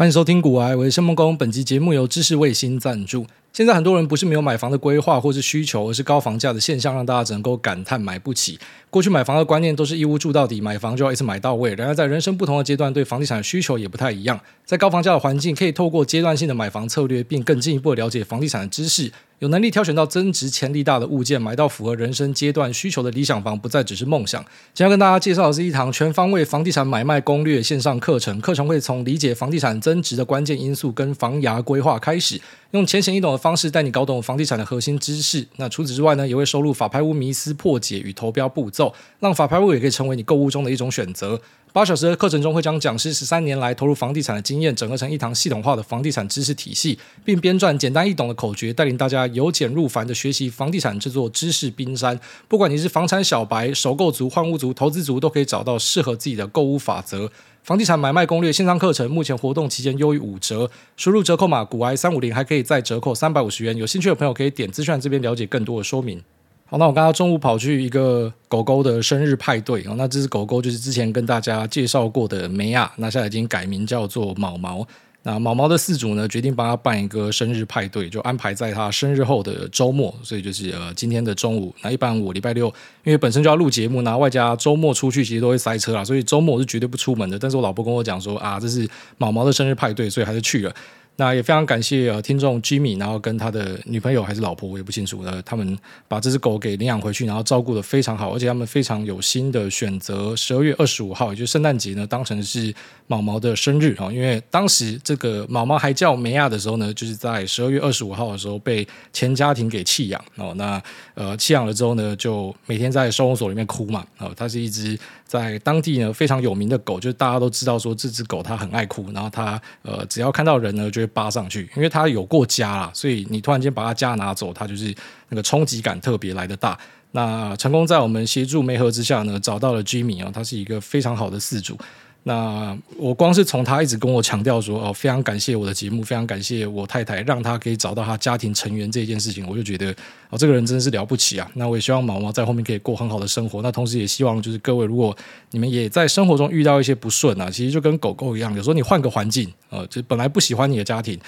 歡迎收聽《股癌》，我是謝孟恭，本期節目由知識衛星贊助。現在很多人不是沒有買房的規劃或是需求，而是高房價的現象讓大家只能夠感嘆買不起。過去買房的觀念都是一屋住到底，買房就要一次買到位。然而，在人生不同的階段，對房地產的需求也不太一樣。在高房價的環境，可以透過階段性的買房策略，並更進一步了解房地產的知識，有能力挑選到增值潛力大的物件，買到符合人生階段需求的理想房，不再只是夢想。今天要跟大家介紹的是一堂全方位房地產買賣攻略線上課程，課程會從理解房地產增值的關鍵因素跟房價規劃開始。用淺顯易懂的方式帶你搞懂房地產的核心知識。那除此之外呢，也會收錄法拍屋迷思破解與投標步驟，讓法拍屋也可以成為你購物中的一種選擇。八小時的課程中，會將講師十三年來投入房地產的經驗整合成一堂系統化的房地產知識體系，並編撰簡單易懂的口訣，帶領大家由簡入繁的學習房地產這座知識冰山。不管你是房產小白、首購族、換屋族、投資族，都可以找到適合自己的購物法則。房地產買賣攻略線上課程，目前活動期間優於五折，輸入折扣碼“股癌三五零”還可以再折扣三百五十元。有興趣的朋友可以點資訊欄這邊了解更多的說明。好，那我剛剛中午跑去一個狗狗的生日派對哦，那這隻狗狗，就是之前跟大家介紹過的梅亞，那現在已經改名叫做毛毛。那毛毛的飼主呢，決定幫他辦一個生日派對，就安排在他生日後的週末，所以就是呃今天的中午。那一般我禮拜六，因為本身就要錄節目，那外加週末出去其實都會塞車啦。所以週末我是絕對不出門的。但是我老婆跟我講說啊，這是毛毛的生日派對，所以還是去了。那也非常感謝聽眾 Jimmy，然後跟他的女朋友還是老婆我也不清楚，他們把這隻狗給領養回去，然後照顧得非常好，而且他們非常有心的選擇十二月二十五號，也就是聖誕節呢，當成是毛毛的生日啊，因為當時這個毛毛還叫梅亞的時候呢，就是在十二月二十五號的時候被前家庭給棄養哦，那呃棄養了之後呢，就每天在收容所裡面哭嘛啊，它是一隻。在當地呢，非常有名的狗，就是大家都知道說，這隻狗它很愛哭，然後它呃，只要看到人呢，就會扒上去。因為它有過家啦，所以你突然間把它家拿走，它就是那個衝擊感特別來得大。那成功在我們協助媒合之下呢，找到了 Jimmy 啊、哦，他是一個非常好的飼主。那我光是從他一直跟我強調說哦，非常感謝我的節目，非常感謝我太太，讓他可以找到他家庭成員這件事情，我就覺得哦，這個人真是了不起啊！那我也希望毛毛在後面可以過很好的生活，那同時也希望就是各位，如果你們也在生活中遇到一些不順啊，其實就跟狗狗一樣，有時候你換個環境，呃，就本來不喜歡你的家庭。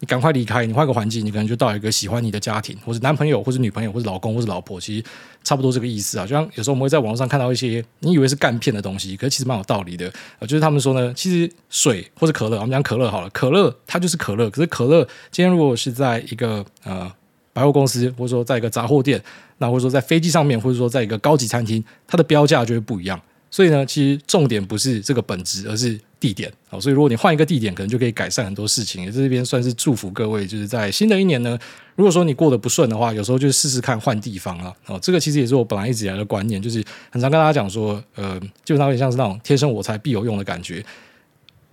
你趕快離開，你換個環境，你可能就到一個喜歡你的家庭，或者男朋友，或者女朋友，或者老公，或者老婆，其實差不多這個意思啊。就像有時候我們會在網上看到一些你以為是幹片的東西，可是其實蠻有道理的，啊，就是他們說呢，其實水或者可樂，啊，我們講可樂好了，可樂它就是可樂。可是可樂今天如果是在一個呃百貨公司，或者說在一個雜貨店，那或者說在飛機上面，或者說在一個高級餐廳，它的標價就會不一樣。所以呢，其實重點不是這個本質，而是地點哦。所以如果你換一個地點，可能就可以改善很多事情。在這邊算是祝福各位，就是在新的一年呢，如果說你過得不順的話，有時候就試試看換地方啊。哦。這個其實也是我本來一直以來的觀念，就是很常跟大家講說，呃，基本上有點像是那種天生我材必有用的感覺。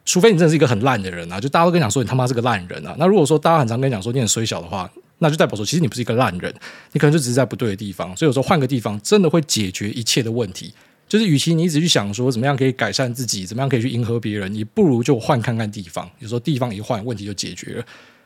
除非你真的是一個很爛的人啊，就大家都跟你講說你他媽是個爛人啊。那如果說大家很常跟你講說你很衰小的話，那就代表說其實你不是一個爛人，你可能就只是在不對的地方。所以有時候換個地方，真的會解決一切的問題。就是，與其你一直去想說怎麼樣可以改善自己，怎麼樣可以去迎合別人，你不如就換看看地方。有時候地方一換，問題就解決了。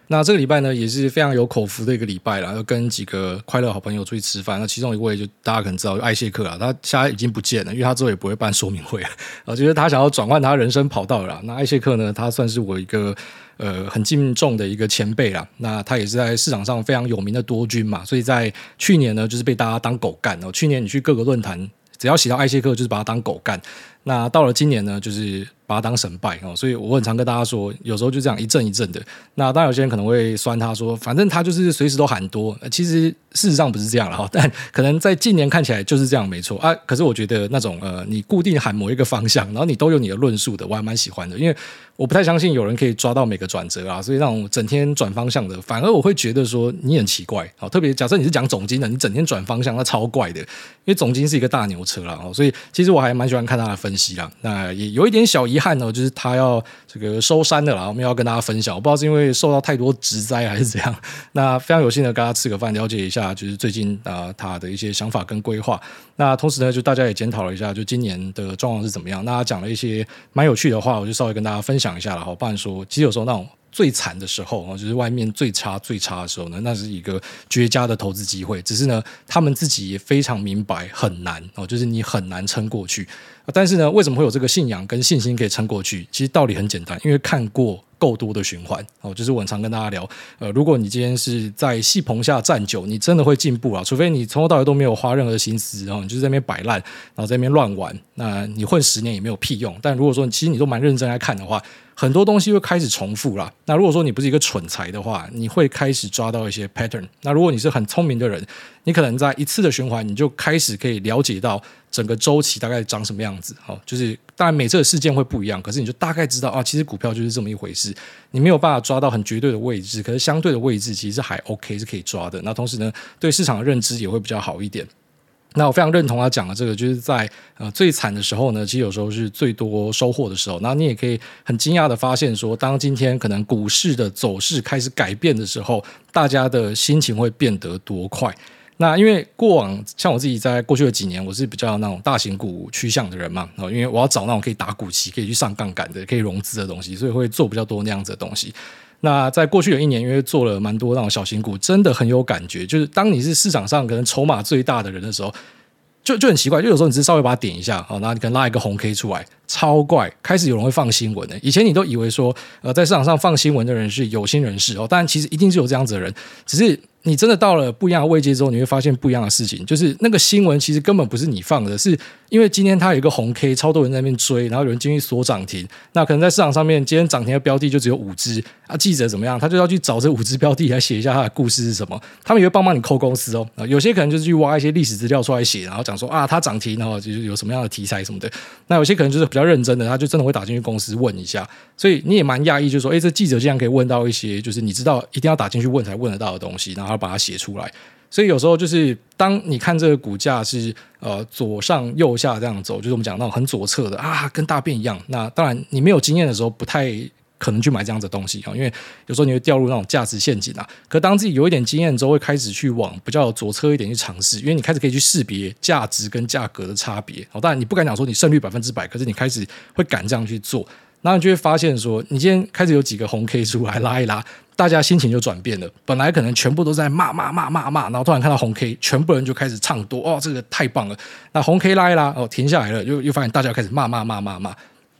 那這個禮拜呢，也是非常有口福的一個禮拜啦，要跟幾個快樂好朋友出去吃飯。那其中一位就大家可能知道，艾謝克啊，他現在已經不見了，因為他之後也不會辦說明會了，啊。呃、啊，就是他想要轉換他人生跑道了啦。那艾謝克呢，他算是我一個呃很敬重的一個前輩啦。那他也是在市場上非常有名的多軍嘛，所以在去年呢，就是被大家當狗幹哦。去年你去各個論壇。只要洗到艾謝克，就是把他當狗幹。那到了今年呢，就是。把它當神拜哦，所以我很常跟大家說，有時候就這樣一陣一陣的。那當然有些人可能會酸他說，反正他就是隨時都喊多，其實事實上不是這樣了，但可能在近年看起來就是這樣，沒錯啊。可是我覺得那種呃，你固定喊某一個方向，然後你都有你的論述的，我還蠻喜歡的，因為我不太相信有人可以抓到每個轉折啊。所以那種整天轉方向的，反而我會覺得說你很奇怪哦。特別假設你是講總經的，你整天轉方向，那超怪的，因為總經是一個大牛車了哦。所以其實我還蠻喜歡看他的分析啦。那也有一點小遺憾。遺憾就是他要這個收山的，我們要跟大家分享，我不知道是因為受到太多職災還是怎樣。那非常有幸的跟他吃個飯，了解一下，就是最近、呃、他的一些想法跟規劃。那同時呢，就大家也檢討了一下，就今年的狀況是怎麼樣。那他講了一些蠻有趣的話，我就稍微跟大家分享一下了。好，不然說，其實有時候那種最慘的時候就是外面最差最差的時候呢，那是一個絕佳的投資機會。只是呢，他們自己也非常明白很難哦，就是你很難撐過去。但是呢，為什麼會有這個信仰跟信心可以撐過去？其實道理很簡單，因為看過夠多的循環哦。就是我常跟大家聊，呃，如果你今天是在戲棚下站久，你真的會進步啊。除非你從頭到尾都沒有花任何的心思哦，你就是在那邊擺爛，然後在那邊亂玩，那你混十年也沒有屁用。但如果說你其實你都蠻認真來看的話，很多東西會開始重複了。那如果說你不是一個蠢材的話，你會開始抓到一些 pattern。那如果你是很聰明的人，你可能在一次的循環，你就開始可以了解到整個周期大概長什麼樣。好，就是當然每次的事件會不一樣，可是你就大概知道啊，其實股票，就是這麼一回事。你沒有辦法抓到很絕對的位置，可是相對的位置其實還 OK 是可以抓的。那同時呢，對市場的認知也會比較好一點。那我非常認同他講的這個，就是在呃最慘的時候呢，其實有時候是最多收穫的時候。那你也可以很驚訝的發現說，說，當今天可能股市的走勢開始改變的時候，大家的心情會變得多快。那因為過往像我自己在過去的幾年，我是比較那種大型股趨向的人嘛，因為我要找那種可以打股息、可以去上槓桿的、可以融資的東西，所以會做比較多那樣子的東西。那在過去的一年，因為做了蠻多那種小型股，真的很有感覺。就是當你是市場上可能籌碼最大的人的時候，就就很奇怪，就有時候你只是稍微把它點一下，然後你可能拉一個紅 K 出來，超怪。開始有人會放新聞的、欸，以前你都以為說，呃，在市場上放新聞的人是有心人士哦，但其實一定是有這樣子的人，只是。你真的到了不一樣的位置之後，你會發現不一樣的事情。就是那個新聞其實根本不是你放的，是因為今天它有一個紅 K，超多人在那邊追，然後有人進去鎖漲停。那可能在市場上面，今天漲停的標的就只有五隻啊。記者怎麼樣？他就要去找這五隻標的來寫一下他的故事是什麼。他們也會幫忙你 call 公司哦。有些可能就是去挖一些歷史資料出來寫，然後講說啊，它漲停然後就是有什麼樣的題材什麼的。那有些可能就是比較認真的，他就真的會打進去公司問一下。所以你也蠻訝異，就說誒這記者竟然可以問到一些就是你知道一定要打進去問才問得到的東西，然後。然後把它寫出來，所以有時候就是當你看這個股價是呃、左上右下這樣走，就是我們講那種很左側的啊，跟大便一樣。那當然你沒有經驗的時候，不太可能去買這樣子的東西啊、哦，因為有時候你會掉入那種價值陷阱啊。可當自己有一點經驗之後，會開始去往比較左側一點去嘗試，因為你開始可以去識別價值跟價格的差別。哦，當然你不敢講說你勝率百分之百，可是你開始會敢這樣去做，那你就會發現說你今天開始有幾個紅 K 出來拉一拉，大家心情就轉變了，本來可能全部都在罵罵罵罵罵，然後突然看到紅 K，全部人就開始唱多哦，這個太棒了。那紅 K 拉一拉哦，停下來了，又又發現大家開始罵罵罵罵罵。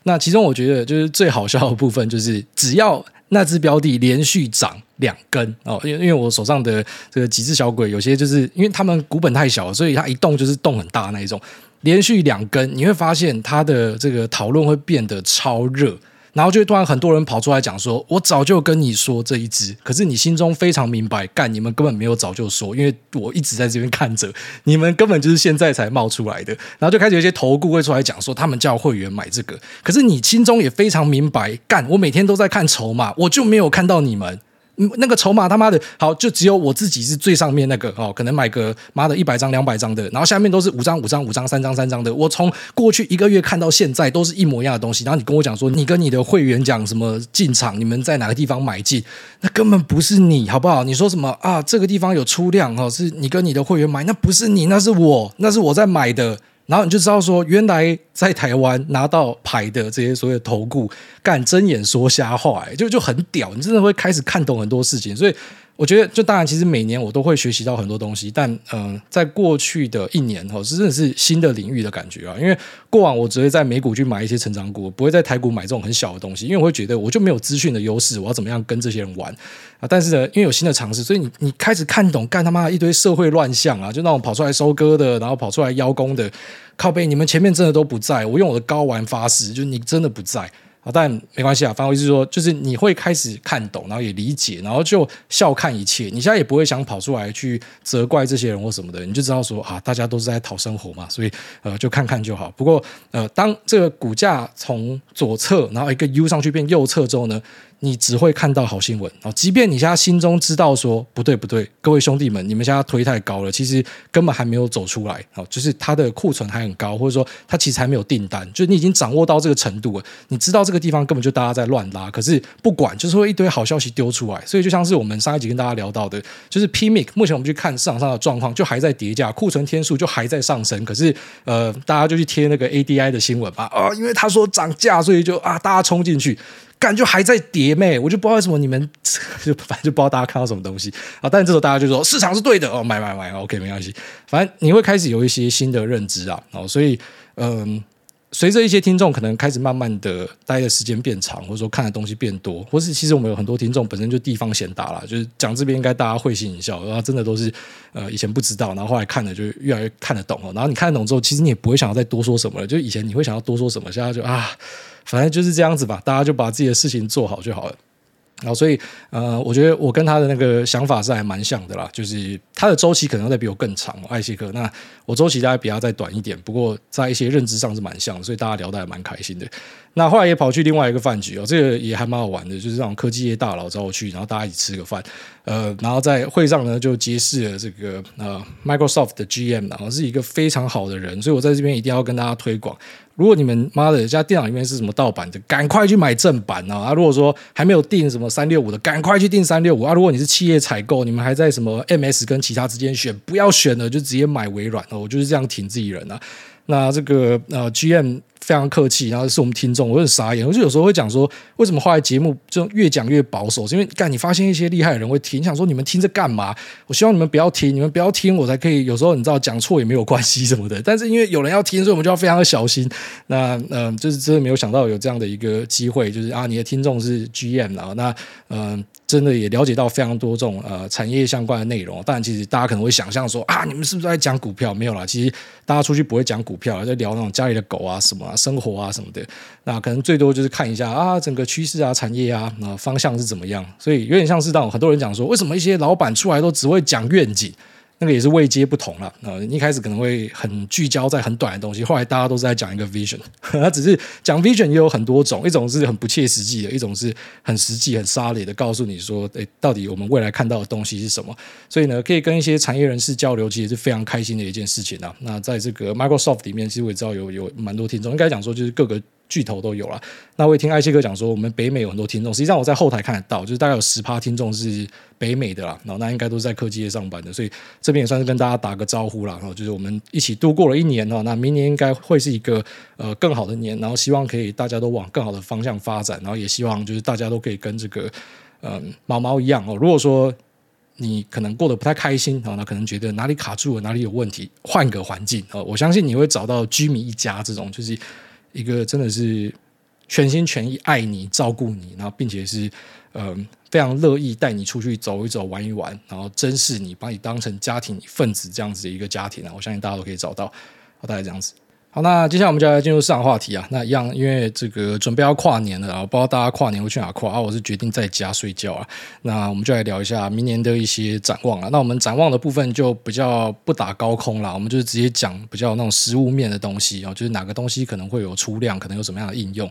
那其中我覺得就是最好笑的部分，就是只要那隻標的連續漲兩根哦，因因為我手上的這個幾隻小鬼，有些就是因為他們股本太小了，所以他一動就是動很大那一種，連續兩根你會發現他的這個討論會變得超熱。然後就突然很多人跑出來講說，我早就跟你說這一支，可是你心中非常明白，幹你們根本沒有早就說，因為我一直在這邊看着，你們根本就是現在才冒出來的。然後就開始有一些投顧會出來講說，他們叫會員買這個，可是你心中也非常明白，幹我每天都在看籌碼，我就沒有看到你們。那個籌碼他媽的好，就只有我自己是最上面那個哦，可能買個媽的一百張、兩百張的，然後下面都是五張、五張、五張、三張、三張的。我從過去一個月看到現在都是一模一樣的東西。然後你跟我講說，你跟你的會員講什麼進場，你們在哪個地方買進，那根本不是你好不好？你說什麼啊？這個地方有出量哦，是你跟你的會員買，那不是你，那是我，那是我在買的。然後你就知道說，原來在台灣拿到牌的這些所有投顧，敢睜眼說瞎話，就就很屌。你真的會開始看懂很多事情，所以。我覺得，就當然，其實每年我都會學習到很多東西，但嗯、呃，在過去的一年吼，是真的是新的領域的感覺啊。因為過往我只會在美股去買一些成長股，不會在台股買這種很小的東西，因為我會覺得我就沒有資訊的優勢，我要怎麼樣跟這些人玩啊？但是呢，因為有新的嘗試，所以你你開始看懂幹他媽的一堆社會亂象啊，就那種跑出來收割的，然後跑出來邀功的，靠背你們前面真的都不在，我用我的睾丸發誓，就是你真的不在。但沒關係啊，反正我意思是說，就是你會開始看懂，然後也理解，然後就笑看一切。你現在也不會想跑出來去責怪這些人或什麼的，你就知道說啊，大家都是在討生活嘛，所以呃，就看看就好。不過呃，當這個股價從左側，然後一個 U 上去變右側之後呢，你只會看到好新聞，即便你現在心中知道說不對不對，各位兄弟們，你們現在推太高了，其實根本還沒有走出來，就是它的庫存還很高，或者說它其實還沒有訂單，就是你已經掌握到這個程度了，你知道這個地方根本就大家在亂拉，可是不管，就是會一堆好消息丟出來，所以就像是我們上一集跟大家聊到的，就是 PMIC，目前我們去看市場上的狀況，就還在疊加，庫存天數就還在上升，可是呃，大家就去貼那個 A D I 的新聞吧，啊、呃，因為他說漲價，所以就啊，大家衝進去。感覺還在跌妹，我就不知道為什麼你們就反正就不知道大家看到什麼東西啊。但是這時候大家就說市場是對的，哦，買買買，OK，沒關係。反正你會開始有一些新的認知啊，哦，所以嗯。呃隨着一些聽眾可能開始慢慢的待的時間變長，或者說看的東西變多，或是其實我們有很多聽眾本身就地方賢達了，就是講這邊應該大家會心一笑，然後真的都是呃以前不知道，然後後來看了就越來越看得懂，然後你看得懂之後，其實你也不會想要再多說什麼了，就以前你會想要多說什麼，現在就啊，反正就是這樣子吧，大家就把自己的事情做好就好了。然後，所以，呃，我覺得我跟他的那個想法，是還蠻像的啦，就是他的周期可能會比我更長，艾希克。那我周期大概比他再短一點，不過在一些認知上是蠻像，所以大家聊得還蠻開心的。那後來也跑去另外一個飯局哦，這個也還蠻好玩的，就是讓科技業大佬找我去，然後大家一起吃個飯。呃，然後在會上呢就結識了這個呃 Microsoft 的 GM，啊、然後是一個非常好的人，所以我在這邊一定要跟大家推廣。如果你們媽的家電腦裡面是什麼盜版的，趕快去買正版啊！啊，如果說還沒有訂什麼三六五的，趕快去訂三六五啊！如果你是企業採購，你們還在什麼 MS 跟其他之間選，不要選了，就直接買微軟啊，我就是這樣挺自己人啊那這個呃，GM 非常客氣，然後是我們聽眾，我很傻眼。我就有時候會講說，為什麼後來節目就越講越保守？是因為幹，你發現一些厲害的人會聽，想說你們聽着幹嘛？我希望你們不要聽，你們不要聽，我才可以。有時候你知道講錯也沒有關係什麼的，但是因為有人要聽，所以我們就要非常的小心。那嗯、呃，就是真的沒有想到有這樣的一個機會，就是啊，你的聽眾是 GM 啊，那嗯。呃真的也了解到非常多這種呃產業相關的內容，但其實大家可能會想象說啊，你們是不是在講股票？沒有啦，其實大家出去不會講股票，在聊那種家裡的狗啊什麼啊生活啊什麼的，那可能最多就是看一下啊整個趨勢啊產業啊、呃、方向是怎麼樣，所以有點像是那種很多人講說，為什麼一些老板出來都只會講願景。那個也是位階不同了啊、呃！一開始可能會很聚焦在很短的東西，後來大家都是在講一個 vision 呵呵。那只是講 vision 也有很多種，一種是很不切實際的，一種是很實際、很沙雷的，告訴你說，誒、欸、到底我們未來看到的東西是什麼？所以呢，可以跟一些產業人士交流，其實是非常開心的一件事情啊！那在這個 Microsoft 裡面，其實我也知道有有蠻多聽眾，應該講說就是各個。巨頭都有了，那我也聽艾希哥講說，我們北美有很多聽眾。實際上，我在後台看得到，就是大概有十趴聽眾是北美的啦。那應該都是在科技業上班的，所以這邊也算是跟大家打個招呼啦。然後就是我們一起度過了一年，那明年應該會是一個呃更好的年，然後希望可以大家都往更好的方向發展，然後也希望就是大家都可以跟這個嗯、呃、毛毛一樣哦。如果說你可能過得不太開心，然、哦、那可能覺得哪裡卡住了，哪裡有問題，換個環境哦。我相信你會找到居民一家這種就是。一個真的是全心全意愛你、照顧你，然後並且是呃非常樂意帶你出去走一走、玩一玩，然後珍視你，把你當成家庭一份子這樣子的一個家庭啊！我相信大家都可以找到，大概這樣子。好，那接下來我們就來進入上話題啊。那一樣，因為這個準備要跨年了啊，我不知道大家跨年會去哪跨啊？我是決定在家睡覺啊。那我們就來聊一下明年的一些展望了啊。那我們展望的部分就比較不打高空了，我們就是直接講比較那種實物面的東西啊，就是哪個東西可能會有出量，可能有什麼樣的應用。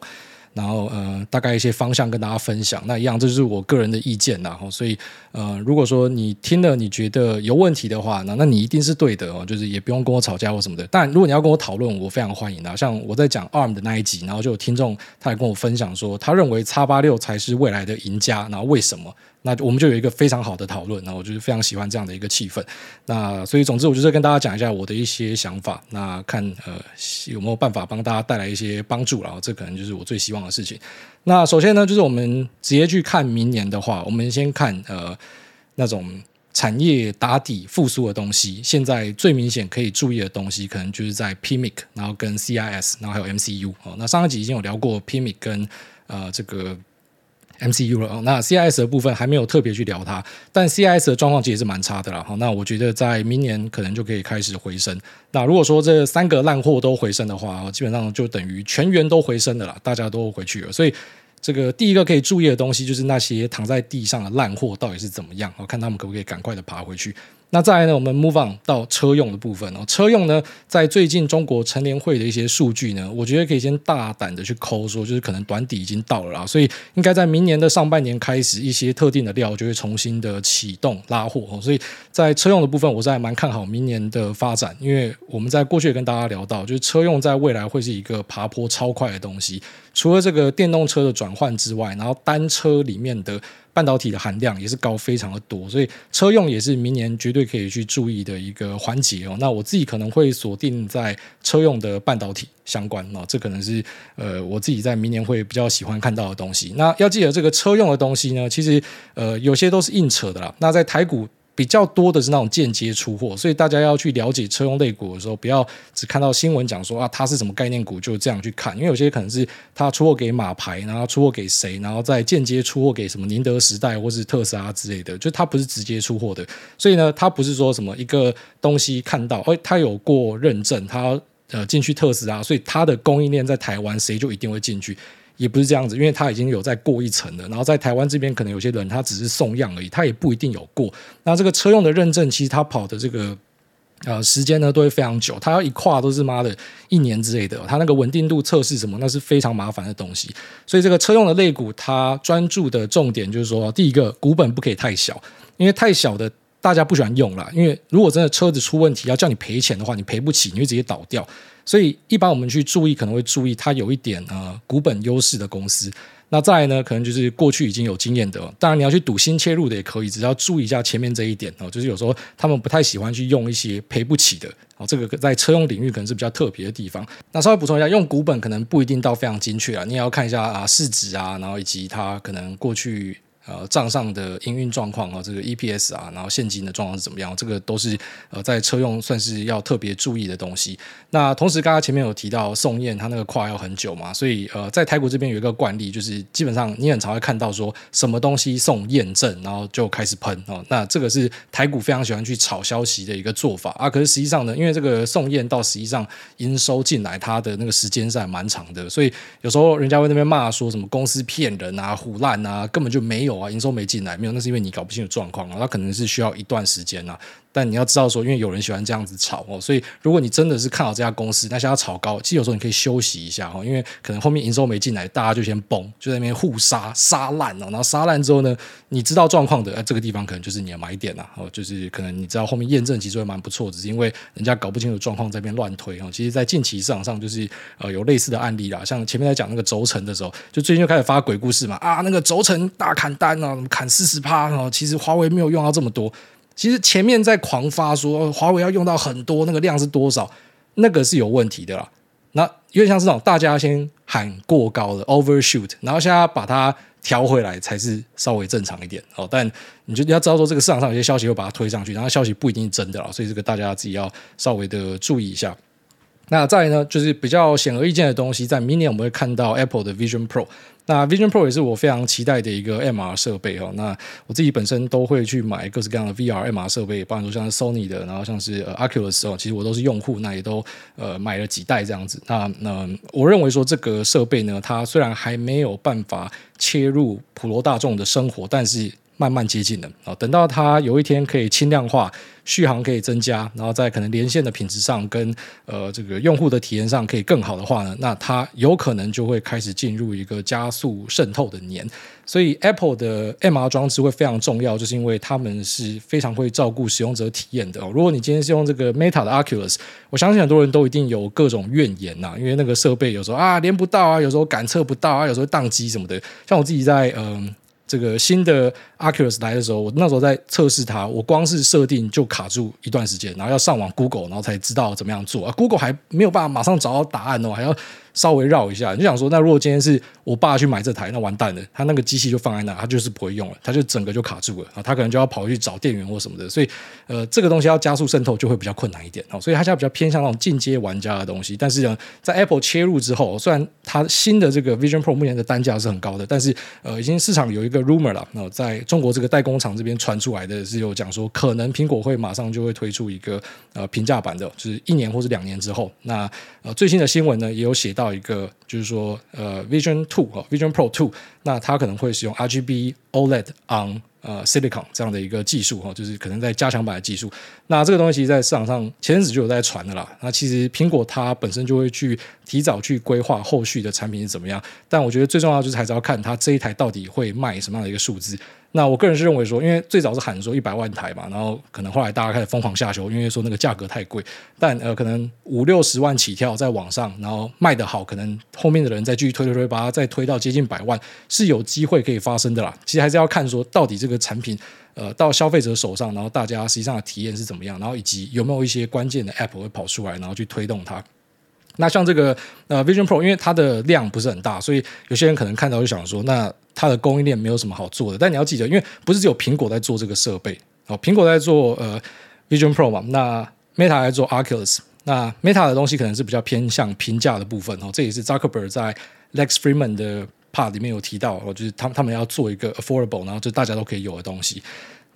然後呃，大概一些方向跟大家分享，那一樣，這就是我個人的意見啦。哦、所以呃，如果說你聽了你覺得有問題的話，那那你一定是對的哦，就是也不用跟我吵架或什麼的。但如果你要跟我討論，我非常歡迎的。像我在講 ARM 的那一集，然後就有聽眾他也跟我分享說，他認為 X86 才是未來的贏家，然後為什麼？那我們就有一個非常好的討論，那我就是非常喜歡這樣的一個氣氛。那所以，總之，我就是跟大家講一下我的一些想法，那看呃有沒有辦法幫大家帶來一些幫助，然後這可能就是我最希望的事情。那首先呢，就是我們直接去看明年的話，我們先看呃那種產業打底復甦的東西。現在最明顯可以注意的東西，可能就是在 PMIC，然後跟 CIS，然後還有 MCU，哦。那上一集已經有聊過 PMIC 跟呃這個。M C U 了，那 C I S 的部分還沒有特別去聊它，但 C I S 的狀況其實也是蠻差的啦。哈，那我覺得在明年可能就可以開始回升。那如果說這三個爛貨都回升的話，基本上就等於全員都回升的了啦，大家都回去了。所以這個第一個可以注意的東西，就是那些躺在地上的爛貨到底是怎麼樣，看他們可不可以趕快的爬回去。那再來呢？我們 move on 到車用的部分哦。車用呢，在最近中國成聯會的一些數據呢，我覺得可以先大膽的去摳說，就是可能短底已經到了啦，所以應該在明年的上半年開始，一些特定的料就會重新的啟動拉貨哦，所以在車用的部分，我是還蠻看好明年的發展，因為我們在過去也跟大家聊到，就是車用在未來會是一個爬坡超快的東西，除了這個電動車的轉換之外，然後單車裡面的。半導體的含量也是高非常的多，所以車用也是明年絕對可以去注意的一個環節哦。那我自己可能會鎖定在車用的半導體相關哦，這可能是呃我自己在明年會比較喜歡看到的東西。那要記得這個車用的東西呢，其實呃有些都是硬扯的啦。那在台股。比較多的是那種間接出貨，所以大家要去了解車用類股的時候，不要只看到新聞講說啊，它是什麼概念股，就這樣去看，因為有些可能是它出貨給馬牌，然後出貨給誰，然後再間接出貨給什麼寧德時代或是特斯拉之類的，就它不是直接出貨的。所以呢，它不是說什麼一個東西看到，哎、哦，它有過認證，它呃進去特斯拉，所以它的供應鏈在台灣誰就一定會進去。也不是這樣子，因為它已經有在過一層了。然後在台灣這邊，可能有些人他只是送樣而已，他也不一定有過。那這個車用的認證，其實它跑的這個呃時間呢，都會非常久。它要一跨都是媽的一年之類的。它那個穩定度測試什麼，那是非常麻煩的東西。所以這個車用的類股，它專注的重點就是說，第一個股本不可以太小，因為太小的大家不喜歡用了。因為如果真的車子出問題要叫你賠錢的話，你賠不起，你會直接倒掉。所以，一般我們去注意，可能會注意它有一點呃股本優勢的公司。那再來呢，可能就是過去已經有經驗的。當然，你要去賭新切入的也可以，只要注意一下前面這一點哦。就是有時候他們不太喜歡去用一些賠不起的哦。這個在車用領域可能是比較特別的地方。那稍微補充一下，用股本可能不一定到非常精確啊，你也要看一下啊市值啊，然後以及它可能過去。呃，賬上的營運狀況啊，這個 EPS 啊，然後現金的狀況是怎麼樣？這個都是呃，在車用算是要特別注意的東西。那同時，剛剛前面有提到送驗他那個跨要很久嘛，所以呃，在台股這邊有一個慣例，就是基本上你很常會看到說，什麼東西送驗證，然後就開始噴哦。那這個是台股非常喜歡去炒消息的一個做法啊。可是實際上呢，因為這個送驗到實際上營收進來，它的那個時間是還蠻長的，所以有時候人家會那邊罵說什麼公司騙人啊、唬爛啊，根本就沒有。啊，營收沒進來，沒有，那是因為你搞不清楚狀況啊，那可能是需要一段時間啊。但你要知道說，因為有人喜歡這樣子炒哦，所以如果你真的是看好這家公司，那現在炒高，其實有時候你可以休息一下哦，因為可能後面營收沒進來，大家就先崩，就在那邊互殺殺爛，然後殺爛之後呢，你知道狀況的、欸，這個地方可能就是你的買點了、啊、哦，就是可能你知道後面驗證其實也蠻不錯，只是因為人家搞不清楚狀況在邊亂推哦。其實，在近期市場上就是呃有類似的案例啦，像前面在講那個軸承的時候，就最近就開始發鬼故事嘛啊，那個軸承大砍單哦、啊，砍四十趴哦，其實華為沒有用到這麼多。其實前面在狂發說華為要用到很多，那個量是多少，那個是有問題的啦。那因為像這種大家先喊過高的 overshoot，然後現在把它調回來才是稍微正常一點，哦，但你就要知道說這個市場上有些消息會把它推上去，然後消息不一定是真的啊，所以這個大家自己要稍微的注意一下。那再來呢，就是比較顯而易見的東西，在明年我們會看到 Apple 的 Vision Pro。那 Vision Pro 也是我非常期待的一個 MR 設備哦。那我自己本身都會去買各式各樣的 VR、MR 設備，包含說像是 Sony 的，然後像是 Oculus 的時候，其實我都是用戶，那也都呃買了幾代這樣子。那那我認為說這個設備呢，它雖然還沒有辦法切入普羅大眾的生活，但是慢慢接近的啊，等到它有一天可以輕量化、續航可以增加，然後在可能連線的品質上跟呃這個用戶的體驗上可以更好的話呢，那它有可能就會開始進入一個加速滲透的年。所以 Apple 的 MR 裝置會非常重要，就是因為他們是非常會照顧使用者體驗的。哦，如果你今天是用這個 Meta 的 Oculus，我相信很多人都一定有各種怨言吶，啊，因為那個設備有時候啊連不到啊，有時候感測不到啊，有時候宕機什麼的。像我自己在嗯。呃這個新的 Oculus 來的時候，我那時候在測試它，我光是設定就卡住一段時間，然後要上網 Google，然後才知道怎麼樣做啊。Google 還沒有辦法馬上找到答案哦，還要稍微繞一下。你就想說，那如果今天是，我爸去買這台，那完蛋了。他那個機器就放在那，他就是不會用了，他就整個就卡住了啊。他可能就要跑去找電源或什麼的。所以，呃，這個東西要加速滲透就會比較困難一點哦。所以他現在比較偏向那種進階玩家的東西。但是呢，在 Apple 切入之後，雖然它新的這個 Vision Pro 目前的單價是很高的，但是呃，已經市場有一個 rumor 了。那呃，在中國這個代工廠這邊傳出來的是有講說，可能蘋果會馬上就會推出一個呃平價版的，就是一年或者兩年之後。那呃，最新的新聞呢也有寫到一個。就是說，呃，Vision Two，哦，Vision Pro Two，那它可能會使用 RGB OLED on 呃 Silicon 這樣的一個技術哈，哦，就是可能在加強版的技術。那這個東西在市場上前陣子就有在傳的啦。那其實蘋果它本身就會去提早去規劃後續的產品是怎麼樣。但我覺得最重要的就是還是要看它這一台到底會賣什麼樣的一個數字。那我個人是認為說，因為最早是喊說一百萬台嘛，然後可能後來大家開始瘋狂下修，因為說那個價格太貴，但呃，可能五六十萬起跳在網上，然後賣得好，可能後面的人再繼續推推推，把它再推到接近百萬，是有機會可以發生的啦。其實還是要看說到底這個產品，呃，到消費者手上，然後大家實際上的體驗是怎麼樣，然後以及有沒有一些關鍵的 App 會跑出來，然後去推動它。那像這個呃 Vision Pro，因為它的量不是很大，所以有些人可能看到就想說，那它的供應鏈沒有什麼好做的。但你要記得，因為不是只有蘋果在做這個設備哦，蘋果在做呃 Vision Pro 嘛，那 Meta 在做 Oculus，那 Meta 的東西可能是比較偏向平價的部分哦。這也是 Zuckerberg 在 Lex Fridman 的 Part 裡面有提到，哦，就是他他們要做一個 affordable，然後就大家都可以有的東西。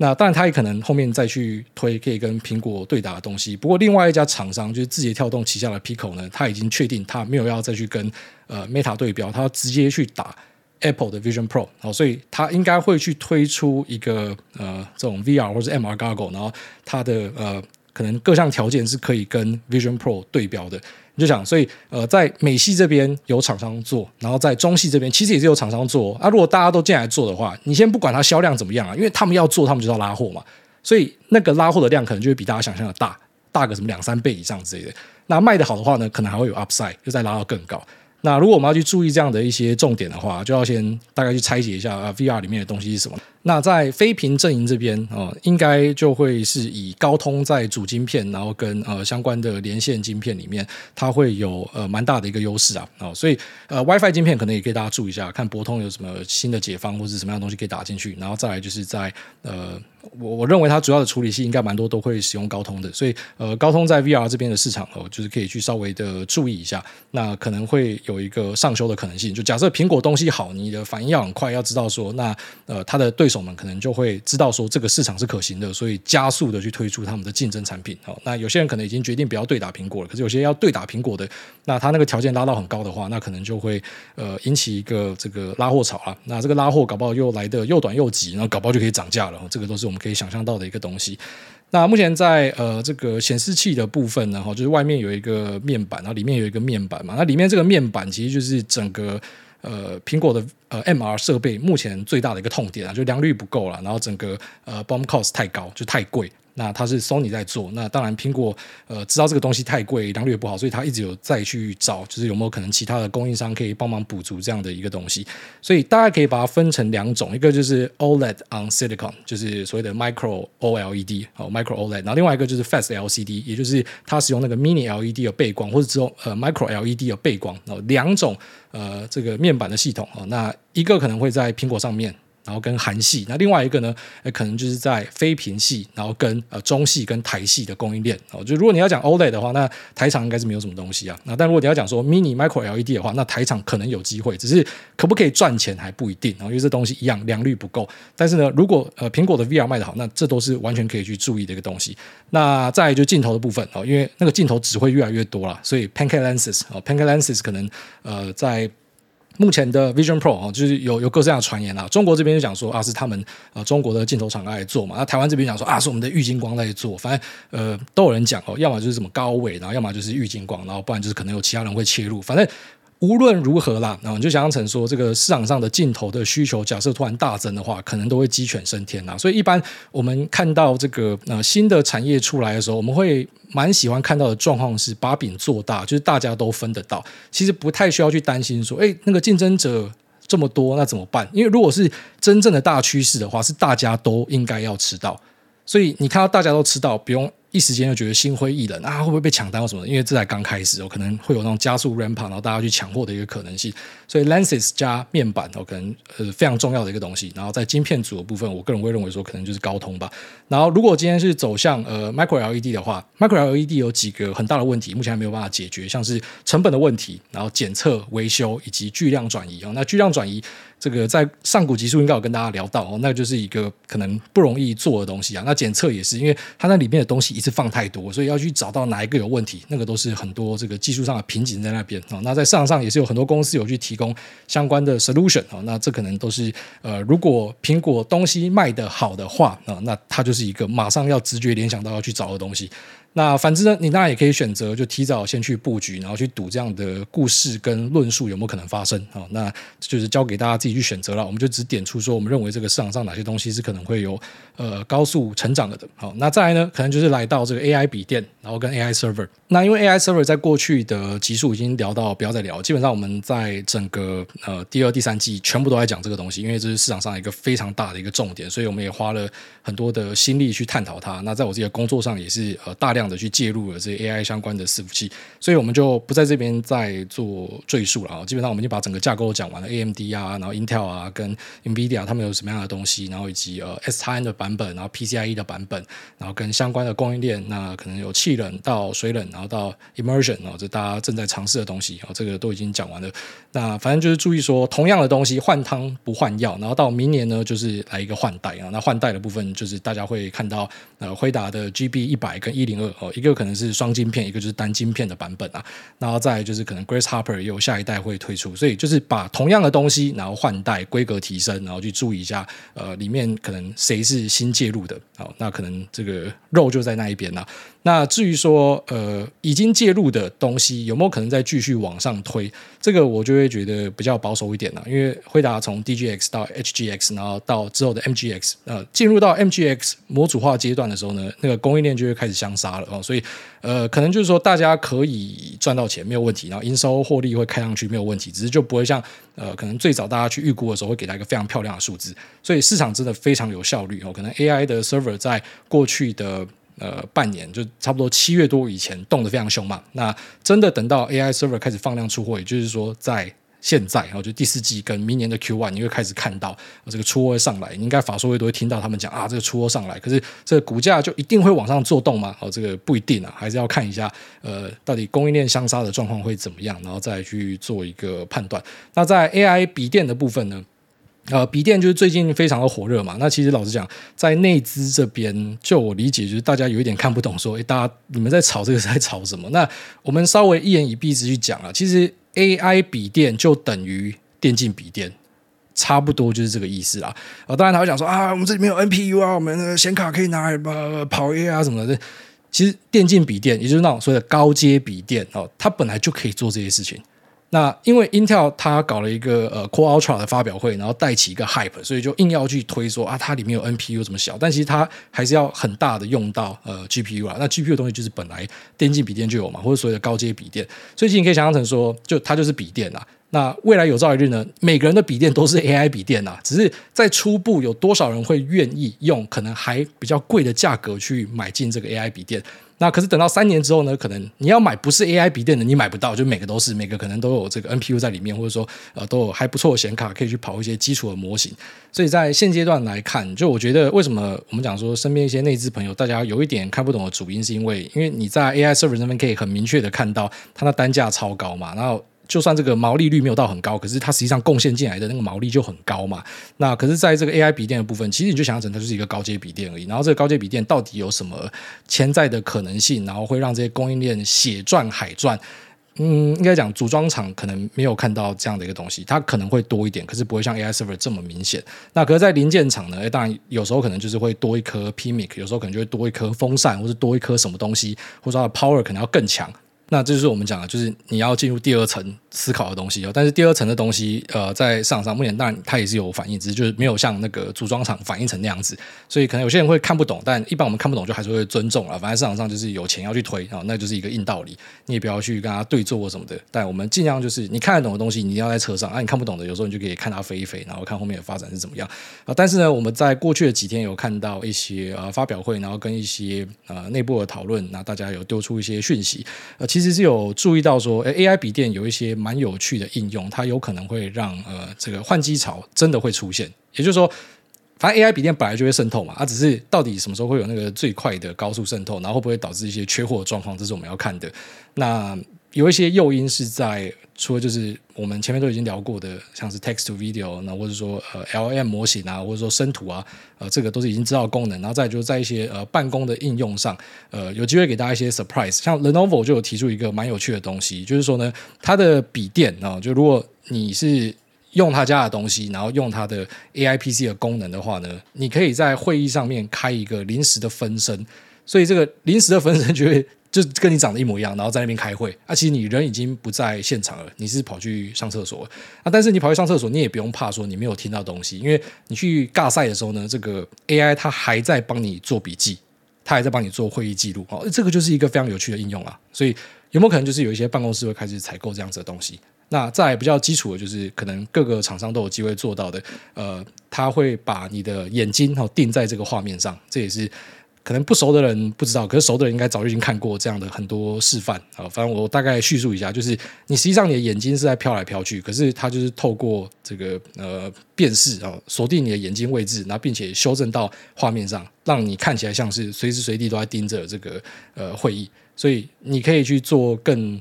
那當然，他也可能後面再去推可以跟蘋果對打的東西。不過，另外一家廠商就是字節跳動旗下的 Pico 呢，他已經確定他沒有要再去跟呃 Meta 對標，他直接去打 Apple 的 Vision Pro。好，所以他應該會去推出一個呃這種 VR 或者 MR goggles，然後他的呃可能各項條件是可以跟 Vision Pro 對標的。你就想，所以呃，在美系這邊有廠商做，然後在中系這邊其實也是有廠商做。那，啊，如果大家都進來做的話，你先不管它銷量怎麼樣啊，因為他們要做，他們就要拉貨嘛。所以那個拉貨的量可能就會比大家想象的大大個什麼兩三倍以上之類的。那賣得好的話呢，可能還會有 upside，就再拉到更高。那如果我們要去注意這樣的一些重點的話，就要先大概去拆解一下啊，VR 裡面的東西是什麼。那在非蘋陣營這邊哦、呃，應該就會是以高通在主晶片，然後跟呃相關的連線晶片裡面，它會有呃蠻大的一個優勢啊、呃。所以呃 WiFi 晶片可能也可以大家注意一下，看博通有什麼新的解方或者什麼樣的東西可以打進去，然後再來就是在呃。我我認為它主要的處理器應該蠻多都會使用高通的，所以呃高通在 VR 這邊的市場哦，就是可以去稍微的注意一下，那可能會有一個上修的可能性。就假設蘋果東西好，你的反應要很快，要知道說，那呃它的對手們可能就會知道說這個市場是可行的，所以加速的去推出他們的競爭產品哦。那有些人可能已經決定不要對打蘋果了，可是有些要對打蘋果的，那他那個條件拉到很高的話，那可能就會呃引起一個這個拉貨潮啊。那這個拉貨搞不好又來得又短又急，然後搞不好就可以漲價了。這個都是我們我們可以想象到的一個東西，那目前在呃這個顯示器的部分呢，哈，就是外面有一個面板，然後裡面有一個面板嘛。那裡面這個面板其實就是整個呃蘋果的呃 MR 設備目前最大的一個痛點啊，就良率不夠了，然後整個呃 BOM cost 太高，就太貴。那它是 Sony 在做，那當然蘋果呃知道這個東西太貴良率不好，所以它一直有再去找，就是有沒有可能其他的供應商可以幫忙補足這樣的一個東西。所以大家可以把它分成兩種，一個就是 OLED on Silicon，就是所謂的 Micro OLED 哦 Micro OLED，然後另外一個就是 Fast LCD，也就是它使用那個 Mini LED 的背光或者只有呃 Micro LED 的背光，哦，兩種呃這個面板的系統哦，那一個可能會在蘋果上面。然後跟韓系，那另外一個呢，可能就是在非蘋系，然後跟中系跟台系的供應鏈。就如果你要講 OLED 的話，那台廠應該是沒有什麼東西啊。那但如果你要講說 Mini Micro LED 的話，那台廠可能有機會，只是可不可以賺錢還不一定，因為這東西一樣，良率不夠。但是呢，如果呃蘋果的 VR 賣的好，那這都是完全可以去注意的一個東西。那再就鏡頭的部分哦，因為那個鏡頭只會越來越多了，所以 Pancake Lenses Pancake Lenses 可能呃在。目前的 Vision Pro 哦，就是有有各種各樣的傳言啊，中國這邊就講說啊，是他們呃、啊、中國的鏡頭廠在做嘛。那、啊、台灣這邊講說啊，是我們的玉晶光在做。反正呃都有人講哦，要麼就是什麼高偉，然後要麼就是玉晶光，然後不然就是可能有其他人會切入。反正。無論如何啦，啊，你就想象成說，這個市場上的鏡頭的需求，假設突然大增的話，可能都會雞犬升天啦。所以，一般我們看到這個呃新的產業出來的時候，我們會蠻喜歡看到的狀況是把餅做大，就是大家都分得到。其實不太需要去擔心說，哎，那個競爭者這麼多，那怎麼辦？因為如果是真正的大趨勢的話，是大家都應該要吃到。所以你看到大家都吃到，不用。一時間又覺得心灰意冷啊，會不會被搶單或什麼？因為這才剛開始有、哦、可能會有那種加速 ramp up，然後大家去搶貨的一個可能性。所以 lenses 加面板，然後、哦、可能、呃、非常重要的一個東西。然後在晶片組的部分，我個人會認為說可能就是高通吧。然後如果今天是走向、呃、micro LED 的話，micro LED 有幾個很大的問題，目前還沒有辦法解決，像是成本的問題，然後檢測維修以及巨量轉移、哦、那巨量轉移。這個在上古集數應該有跟大家聊到，哦，那就是一個可能不容易做的東西啊。那檢測也是，因為它那裡面的東西一次放太多，所以要去找到哪一個有問題，那個都是很多這個技術上的瓶頸在那邊，哦，那在市場上也是有很多公司有去提供相關的 solution，哦，那這可能都是呃，如果蘋果東西賣得好的話，那，哦，那它就是一個馬上要直覺聯想到要去找的東西。那反之呢？你當然也可以選擇，就提早先去布局，然後去賭這樣的故事跟論述有沒有可能發生啊？那就是交給大家自己去選擇了。我們就只點出說，我們認為這個市場上哪些東西是可能會有呃高速成長的。好，那再來呢？可能就是來到這個 AI 筆電，然後跟 AI server。那因為 AI server 在過去的集數已經聊到，不要再聊。基本上我們在整個呃第二、第三季全部都在講這個東西，因為這是市場上一個非常大的一個重點，所以我們也花了很多的心力去探討它。那在我自己的工作上也是呃大量。樣的去介入了這些 AI 相關的伺服器，所以我們就不在這邊再做贅述了啊。基本上我們就把整個架構講完了，AMD 啊，然後 Intel 啊，跟 NVIDIA 他們有什麼樣的東西，然後以及呃 SXM 的版本，然後 PCIe 的版本，然後跟相關的供應鏈，那可能有氣冷到水冷，然後到 Immersion 啊，這大家正在嘗試的東西啊，這個都已經講完了。那反正就是注意說，同樣的東西換湯不換藥，然後到明年呢，就是來一個換代啊。那換代的部分就是大家會看到呃，輝達的 GB 一百跟一零二，哦，一個可能是雙晶片，一個就是單晶片的版本啊，然後再就是可能 Grace Harper 也有下一代會推出，所以就是把同樣的東西，然後換代、規格提升，然後去注意一下，呃，裡面可能誰是新介入的，好，那可能這個肉就在那一邊呢、啊。那至於說呃已經介入的東西有沒有可能再繼續往上推？這個我就會覺得比較保守一點了，因為輝達從 DGX 到 HGX，然後到之後的 MGX，呃，進入到 MGX 模組化階段的時候呢，那個供應鏈就會開始相殺了哦。所以呃，可能就是說大家可以賺到錢沒有問題，然後營收獲利會開上去沒有問題，只是就不會像呃可能最早大家去預估的時候會給他一個非常漂亮的數字。所以市場真的非常有效率哦，可能 AI 的 server 在過去的。呃，半年就差不多七月多以前動得非常兇嘛。那真的等到 AI server 開始放量出貨，也就是說在現在，然、哦、後就第四季跟明年的 Q1，你會開始看到、哦、這個出貨會上來。你應該法說會都會聽到他們講啊，這個出貨上來，可是這個股價就一定會往上做動嗎？哦，這個不一定啊，還是要看一下呃，到底供應鏈相殺的狀況會怎麼樣，然後再去做一個判斷。那在 AI 筆電的部分呢？呃，筆電就是最近非常的火熱嘛。那其實老實講，在內資這邊，就我理解，就是大家有一點看不懂，說，哎、欸，大家你們在炒這個在炒什麼？那我們稍微一言以蔽之去講啊，其實 AI 筆電就等於電競筆電，差不多就是這個意思啊。呃，當然他會講說啊，我們這裡沒有 NPU 啊，我們的顯卡可以拿來跑跑 AI 啊什麼的。其實電競筆電也就是那種所謂的高階筆電哦，它本來就可以做這些事情。那因為 Intel 它搞了一個呃 Core Ultra 的發表會，然後帶起一個 hype，所以就硬要去推說啊，它裡面有 NPU 怎麼小，但其實它還是要很大的用到呃 GPU 啊。那 GPU 的東西就是本來電競筆電就有嘛，或者所謂的高階筆電，所以其實你可以想象成說，就它就是筆電啦。那未來有朝一日呢，每個人的筆電都是 AI 筆電吶、啊，只是在初步有多少人會願意用可能還比較貴的價格去買進這個 AI 筆電？那可是等到三年之後呢，可能你要買不是 AI 筆電的，你買不到，就每個都是每個可能都有這個 NPU 在裡面，或者說呃都有還不錯的顯卡可以去跑一些基礎的模型。所以在現階段來看，就我覺得為什麼我們講說身邊一些內資朋友大家有一點看不懂的，主因是因為因為你在 AI server 那邊可以很明確的看到它的單價超高嘛，然後。就算這個毛利率沒有到很高，可是它實際上貢獻進來的那個毛利就很高嘛。那可是，在這個 AI 筆電的部分，其實你就想像成它就是一個高階筆電而已。然後這個高階筆電到底有什麼潛在的可能性？然後會讓這些供應鏈血賺海賺？嗯，應該講組裝廠可能沒有看到這樣的一個東西，它可能會多一點，可是不會像 AI server 這麼明顯。那可是，在零件廠呢？欸，當然有時候可能就是會多一顆 PMIC，有時候可能就會多一顆風扇，或是多一顆什麼東西，或者說它的 power 可能要更強。那這就是我們講的，就是你要進入第二層。思考的東西哦，但是第二層的東西，呃，在市場上目前當然它也是有反應，只是就是沒有像那個組裝廠反應成那樣子，所以可能有些人會看不懂，但一般我們看不懂就還是會尊重了。反正市場上就是有錢要去推，哦，那就是一個硬道理，你也不要去跟它對做什麼的。但我們盡量就是你看得懂的東西，你一定要在車上啊；你看不懂的，有時候你就可以看它飛一飛，然後看後面的發展是怎麼樣啊。但是呢，我們在過去的幾天有看到一些呃發表會，然後跟一些呃內部的討論，那大家有丟出一些訊息，呃，其實是有注意到說，欸，AI 筆電有一些。蠻有趣的應用，它有可能會讓呃這個換機潮真的會出現。也就是說，反正 AI 筆電本來就會滲透嘛，它、啊、只是到底什麼時候會有那個最快的高速滲透，然後會不會導致一些缺貨狀況，這是我們要看的。那。有一些誘因是在，除了就是我們前面都已經聊過的，像是 text to video 那或者說呃 LM 模型啊，或者說生圖啊，呃這個都是已經知道功能，然後再就是在一些呃辦公的應用上，呃有機會給大家一些 surprise。像 Lenovo 就有提出一個蠻有趣的東西，就是說呢，它的筆電啊，就如果你是用他家的東西，然後用它的 AIPC 的功能的話呢，你可以在會議上面開一個臨時的分身，所以這個臨時的分身就會。就跟你長得一模一樣，然後在那邊開會啊。其實你人已經不在現場了，你是跑去上廁所了啊。但是你跑去上廁所，你也不用怕說你沒有聽到東西，因為你去尬賽的時候呢，這個 AI 它還在幫你做筆記，它還在幫你做會議記錄。哦，這個就是一個非常有趣的應用啊。所以有沒有可能就是有一些辦公室會開始採購這樣子的東西？那再比較基礎的就是可能各個廠商都有機會做到的。呃，它會把你的眼睛哦定在這個畫面上，這也是。可能不熟的人不知道，可是熟的人應該早就已經看過這樣的很多示範啊、哦。反正我大概敘述一下，就是你實際上你的眼睛是在飄來飄去，可是它就是透過這個呃辨識啊，鎖定，哦，你的眼睛位置，然後並且修正到畫面上，讓你看起來像是隨時隨地都在盯着這個呃會議。所以你可以去做更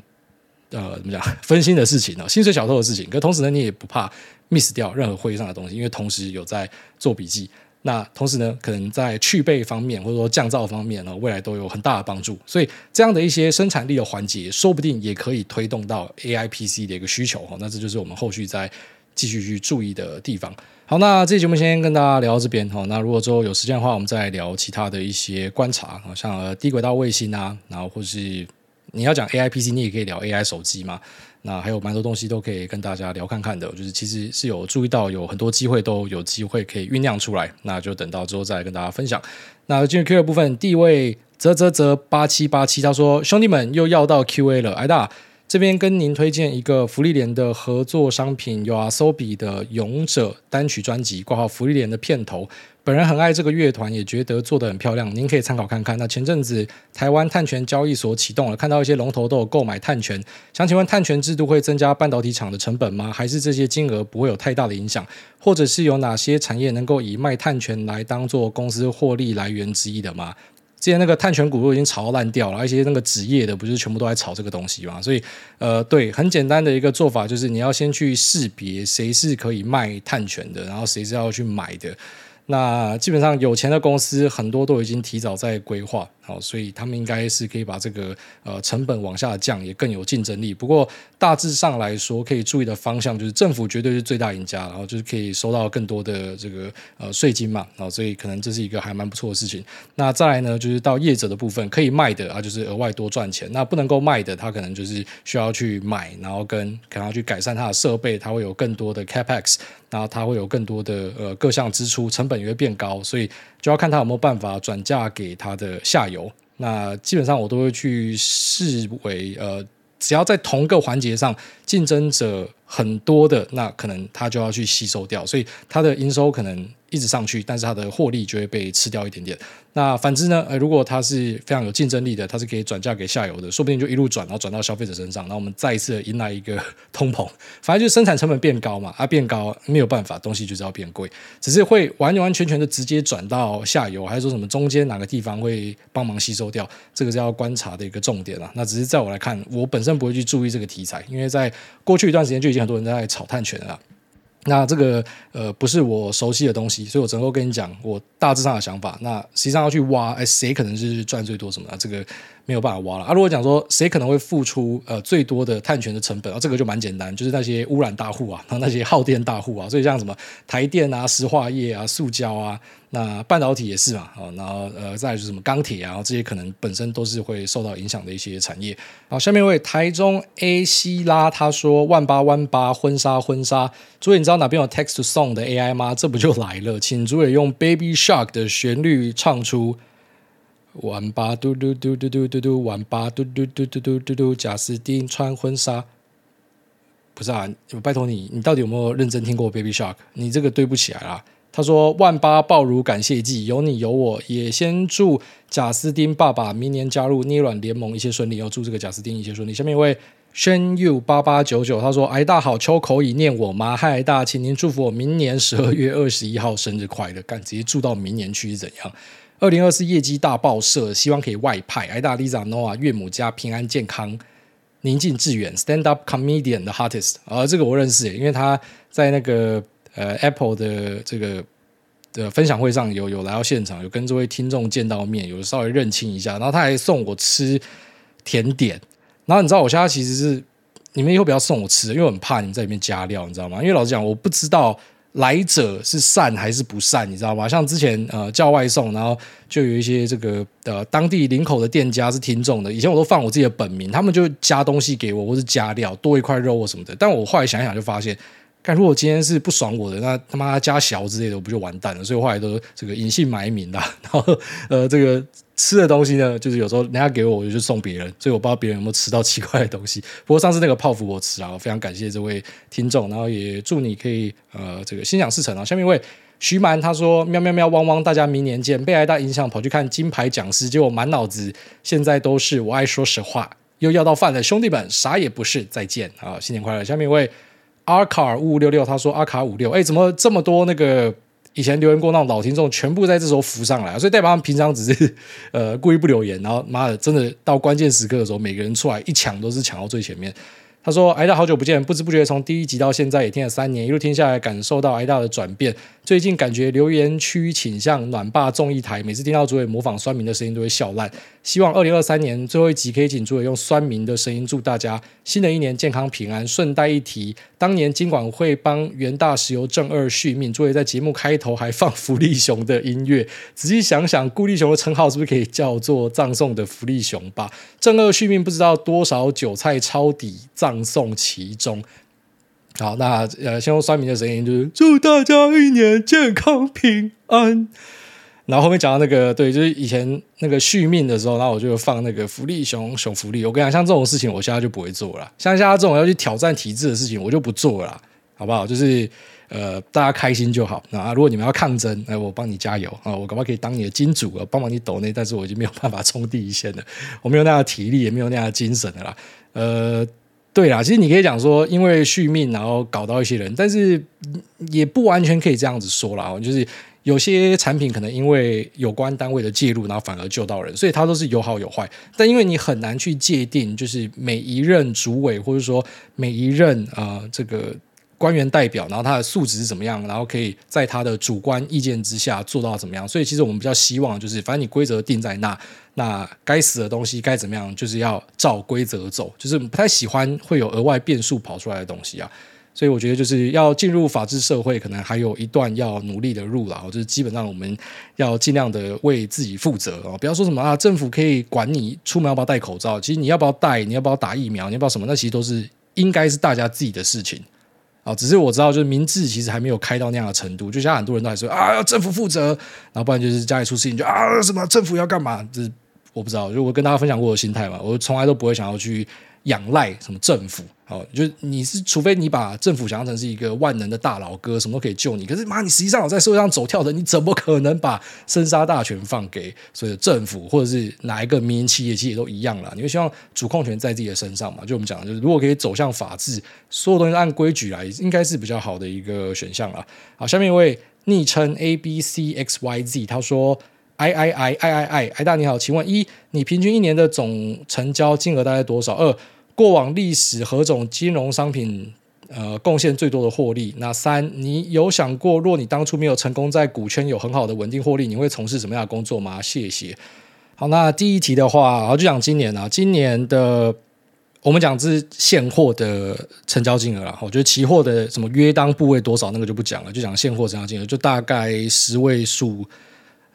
呃怎麼講分心的事情薪水，哦、小偷的事情。可同時呢，你也不怕 miss 掉任何會議上的東西，因為同時有在做筆記。那同時呢，可能在去背方面或者說降噪方面呢，未來都有很大的幫助。所以這樣的一些生產力的環節，說不定也可以推動到 AIPC 的一個需求哈。那這就是我們後續再繼續去注意的地方。好，那這期節目先跟大家聊到這邊哈。那如果之後有時間的話，我們再聊其他的一些觀察，像低軌道衛星啊，然後或是。你要講 A I P C，你也可以聊 A I 手機嘛。那還有蠻多東西都可以跟大家聊看看的，就是其實是有注意到有很多機會都有機會可以醞釀出來，那就等到之後再跟大家分享。那進入 Q 的部分，第一位澤澤澤八七八七，他說，兄弟們又要到 Q A 了，癌大這邊跟您推薦一個芙莉蓮的合作商品，有 YOASOBI 的勇者單曲專輯，括號芙莉蓮的片頭。本人很愛這個樂團，也覺得做得很漂亮。您可以參考看看。那前陣子台灣碳權交易所啟動了，看到一些龍頭都有購買碳權。想請問，碳權制度會增加半導體廠的成本嗎？還是這些金額不會有太大的影響？或者是有哪些產業能夠以賣碳權來當做公司獲利來源之一的嗎？之前那個碳權股都已經炒爛掉了，一些那個職業的不是全部都在炒這個東西嗎？所以，呃，對，很簡單的一個做法就是你要先去識別誰是可以賣碳權的，然後誰是要去買的。那基本上有錢的公司很多都已經提早在規劃，好，所以他們應該是可以把這個呃成本往下降，也更有競爭力。不過大致上來說，可以注意的方向就是政府絕對是最大贏家，然後就是可以收到更多的這個呃稅金嘛，哦，所以可能這是一個還蠻不錯的事情。那再來呢，就是到業者的部分，可以賣的啊，就是額外多賺錢；那不能夠賣的，他可能就是需要去買，然後跟可能要去改善他的設備，他會有更多的 Capex。然後它會有更多的呃各項支出，成本也會變高，所以就要看它有沒有辦法轉嫁給它的下游。那基本上我都會去視為呃，只要在同個環節上競爭者很多的，那可能它就要去吸收掉，所以它的營收可能一直上去，但是它的獲利就會被吃掉一點點。那反之呢？如果它是非常有競爭力的，它是可以轉嫁給下游的，說不定就一路轉，然後轉到消費者身上，然後我們再一次迎來一個通膨。反正就是生產成本變高嘛，啊，變高沒有辦法，東西就是要變貴，只是會完完全全的直接轉到下游，還是說什麼中間哪個地方會幫忙吸收掉？這個是要觀察的一個重點啊。那只是在我來看，我本身不會去注意這個題材，因為在過去一段時間就已經很多人在炒碳權了。那這個呃不是我熟悉的東西，所以我只能跟你講我大致上的想法。那實際上要去挖，哎、欸，誰可能是賺最多什麼的、啊、這個。沒有辦法挖了啊！如果講說誰可能會付出呃最多的碳權的成本啊、哦，這個就蠻簡單，就是那些污染大戶啊，然後那些耗電大戶啊，所以像什麼台電啊、石化業啊、塑膠啊，那半導體也是嘛，哦、然後呃再來就是什麼鋼鐵啊，這些可能本身都是會受到影響的一些產業。好，下面一位台中 A C 拉他說，萬八萬八婚紗婚紗，主委你知道哪邊有 text song 的 AI 嗎？這不就來了，請主委用 Baby Shark 的旋律唱出。萬八嘟嘟嘟嘟嘟嘟嘟，萬八嘟嘟嘟嘟嘟嘟嘟，賈斯汀穿婚紗，不是啊，拜託你，你到底有沒有認真聽過 Baby Shark？你這個對不起來啦。他說萬八爆乳感謝祭有你有我，也先祝賈斯汀爸爸明年加入捏軟聯盟一切順利，要祝這個賈斯汀一切順利。下面一位 s 佑八八九九，他說哎大好秋口已念我媽嗨大，請您祝福我明年十二月二十一號生日快樂，幹直接祝到明年去是怎樣？二零二四業績大爆射，希望可以外派。愛大 Lisa Noah 岳母家平安健康，寧靜致遠。Stand up comedian the hottest。呃，這個我認識，因為他在那個呃 Apple 的這個的分享會上有有來到現場，有跟這位聽眾見到面，有稍微認清一下，然後他還送我吃甜點。然後你知道我現在其實是你們以後不要送我吃，因為我很怕你們在裡面加料，你知道嗎？因為老實講，我不知道。來者是善還是不善，你知道嗎？像之前呃叫外送，然後就有一些這個呃當地林口的店家是聽眾的，以前我都放我自己的本名，他們就加東西給我，或是加料多一塊肉什麼的。但我後來想一想就發現，看如果今天是不爽我的，那他媽加小之類的，我不就完蛋了？所以我後來都這個隱姓埋名啦。然後呃這個。吃的東西呢，就是有時候人家給我，我就送別人，所以我不知道別人有沒有吃到奇怪的東西。不過上次那個泡芙我吃啊，我非常感謝這位聽眾，然後也祝你可以呃這個心想事成啊。下面一位徐滿他說，喵喵喵汪汪，大家明年見。被愛大影響跑去看金牌講師，結果滿腦子現在都是我愛說實話，又要到飯了，兄弟們啥也不是，再見啊，新年快樂。下面一位阿卡五五六六他說，阿卡五六，哎、欸，怎麼這麼多那個？以前留言過那種老聽眾，全部在這時候浮上來，所以代表他們平常只是呃故意不留言。然後媽的，真的到關鍵時刻的時候，每個人出來一搶都是搶到最前面。他說：“癌大好久不見，不知不覺從第一集到現在也聽了三年，一路聽下來感受到癌大的轉變。”最近感覺留言區傾向暖爸綜藝台，每次聽到主委模仿酸民的聲音都會笑爛。希望二零二三年最後一集可以請主委用酸民的聲音祝大家新的一年健康平安。順帶一提，當年金管會幫元大石油正二續命，主委在節目開頭還放福利熊的音樂。仔細想想，福利熊的稱號是不是可以叫做葬送的福利熊吧？正二續命，不知道多少韭菜抄底葬送其中。好，那呃，先用酸民的聲音，就是祝大家一年健康平安。然後後面講到那個，對，就是以前那個續命的時候，然後我就放那個福利熊，熊福利。我跟你講，像這種事情，我現在就不會做了。像現在這種要去挑戰體制的事情，我就不做了，好不好？就是呃，大家開心就好。那、啊、如果你們要抗爭，我幫你加油啊！我搞不好可以當你的金主啊？幫忙你抖內，但是我已經沒有辦法衝第一線了，我沒有那樣的體力，也沒有那樣的精神了。啦。呃。對啦，其實你可以講說，因為續命然後搞到一些人，但是也不完全可以這樣子說啦，就是有些產品可能因為有關單位的介入，然後反而救到人，所以它都是有好有壞。但因為你很難去界定，就是每一任主委或者說每一任啊、呃、這個。官員代表，然後他的素質是怎麼樣，然後可以在他的主觀意見之下做到怎麼樣？所以其實我們比較希望就是，反正你規則定在那，那該死的東西該怎麼樣，就是要照規則走，就是不太喜歡會有額外變數跑出來的東西啊。所以我覺得就是要進入法治社會，可能還有一段要努力的路了。就是基本上我們要盡量的為自己負責啊，不要說什麼啊，政府可以管你出門要不要戴口罩，其實你要不要戴，你要不要打疫苗，你要不要什麼，那其實都是應該是大家自己的事情。啊，只是我知道，就是民智其實還沒有開到那樣的程度，就像很多人都還說啊，政府負責，然後不然就是家裡出事情就啊什麼政府要幹嘛？這、就是、我不知道，就我跟大家分享過的心態嘛，我從來都不會想要去仰賴什麼政府。哦，就你是，除非你把政府想象成是一個萬能的大老哥，什麼都可以救你。可是嘛，你實際上我在社會上走跳的，你怎麼可能把生殺大權放給所有的政府，或者是哪一個民營企業，企業都一樣了。你會希望主控權在自己的身上嘛？就我們講，就是如果可以走向法治，所有東西按規矩來，應該是比較好的一個選項了。好，下面一位昵稱 A B C X Y Z，他說 I,：“I I I I I I 大你好，請問一，你平均一年的總成交金額大概多少？二？”過往歷史何種金融商品呃貢獻最多的獲利？那三，你有想過，若你當初沒有成功在股圈有很好的穩定獲利，你會從事什麼樣的工作嗎？謝謝。好，那第一題的話，然後就講今年啊，今年的我們講是現貨的成交金額了。我覺得期貨的什麼約當部位多少那個就不講了，就講現貨成交金額，就大概十位數。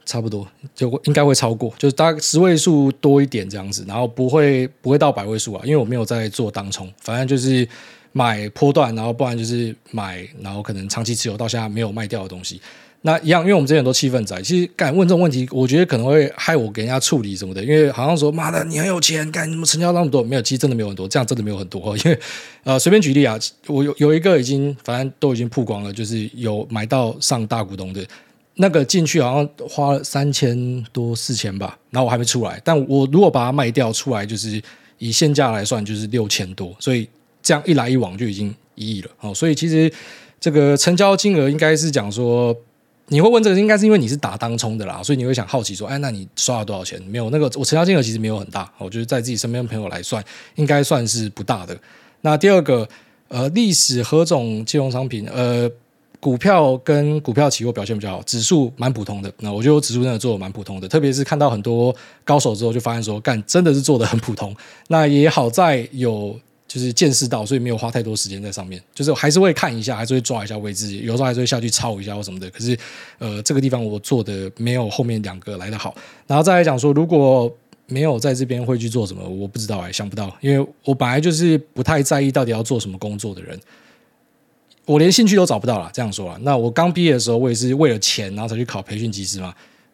差不多就應該會超過，就是大概十位數多一點這樣子，然後不會不會到百位數啊，因為我沒有在做當沖，反正就是買波段，然後不然就是買，然後可能長期持有到現在沒有賣掉的東西。那一樣，因為我們這邊很多氣氛仔，其實敢問這種問題，我覺得可能會害我給人家處理什麼的，因為好像說，媽的，你很有錢，幹什麼成交那麼多？沒有，其實真的沒有很多，這樣真的沒有很多。因為呃，隨便舉例啊，我有有一個已經反正都已經曝光了，就是有買到上大股東的。那個進去好像花了三千多四千吧，然後我還沒出來，但我如果把它賣掉出來，就是以現價來算就是六千多，所以這樣一來一往就已經一億了，所以其實這個成交金額應該是講說，你會問這個，應該是因為你是打當沖的啦，所以你會想好奇說，哎，那你刷了多少錢？沒有那個我成交金額其實沒有很大，我就是在自己身邊的朋友來算，應該算是不大的。那第二個，呃，歷史何種金融商品，呃。股票跟股票期貨表現比較好，指數蠻普通的。那我覺得我指數真的做得蠻普通的，特別是看到很多高手之後，就發現說幹真的是做得很普通。那也好在有就是見識到，所以沒有花太多時間在上面。就是我還是會看一下，還是會抓一下位置，有時候還是會下去抄一下或什麼的。可是呃，這個地方我做得沒有後面兩個來得好。然後再來講說，如果沒有在這邊會去做什麼，我不知道哎，想不到，因為我本來就是不太在意到底要做什麼工作的人。我連興趣都找不到了，這樣說了。那我剛畢業的時候，我也是為了錢，然後才去考培訓機師嘛。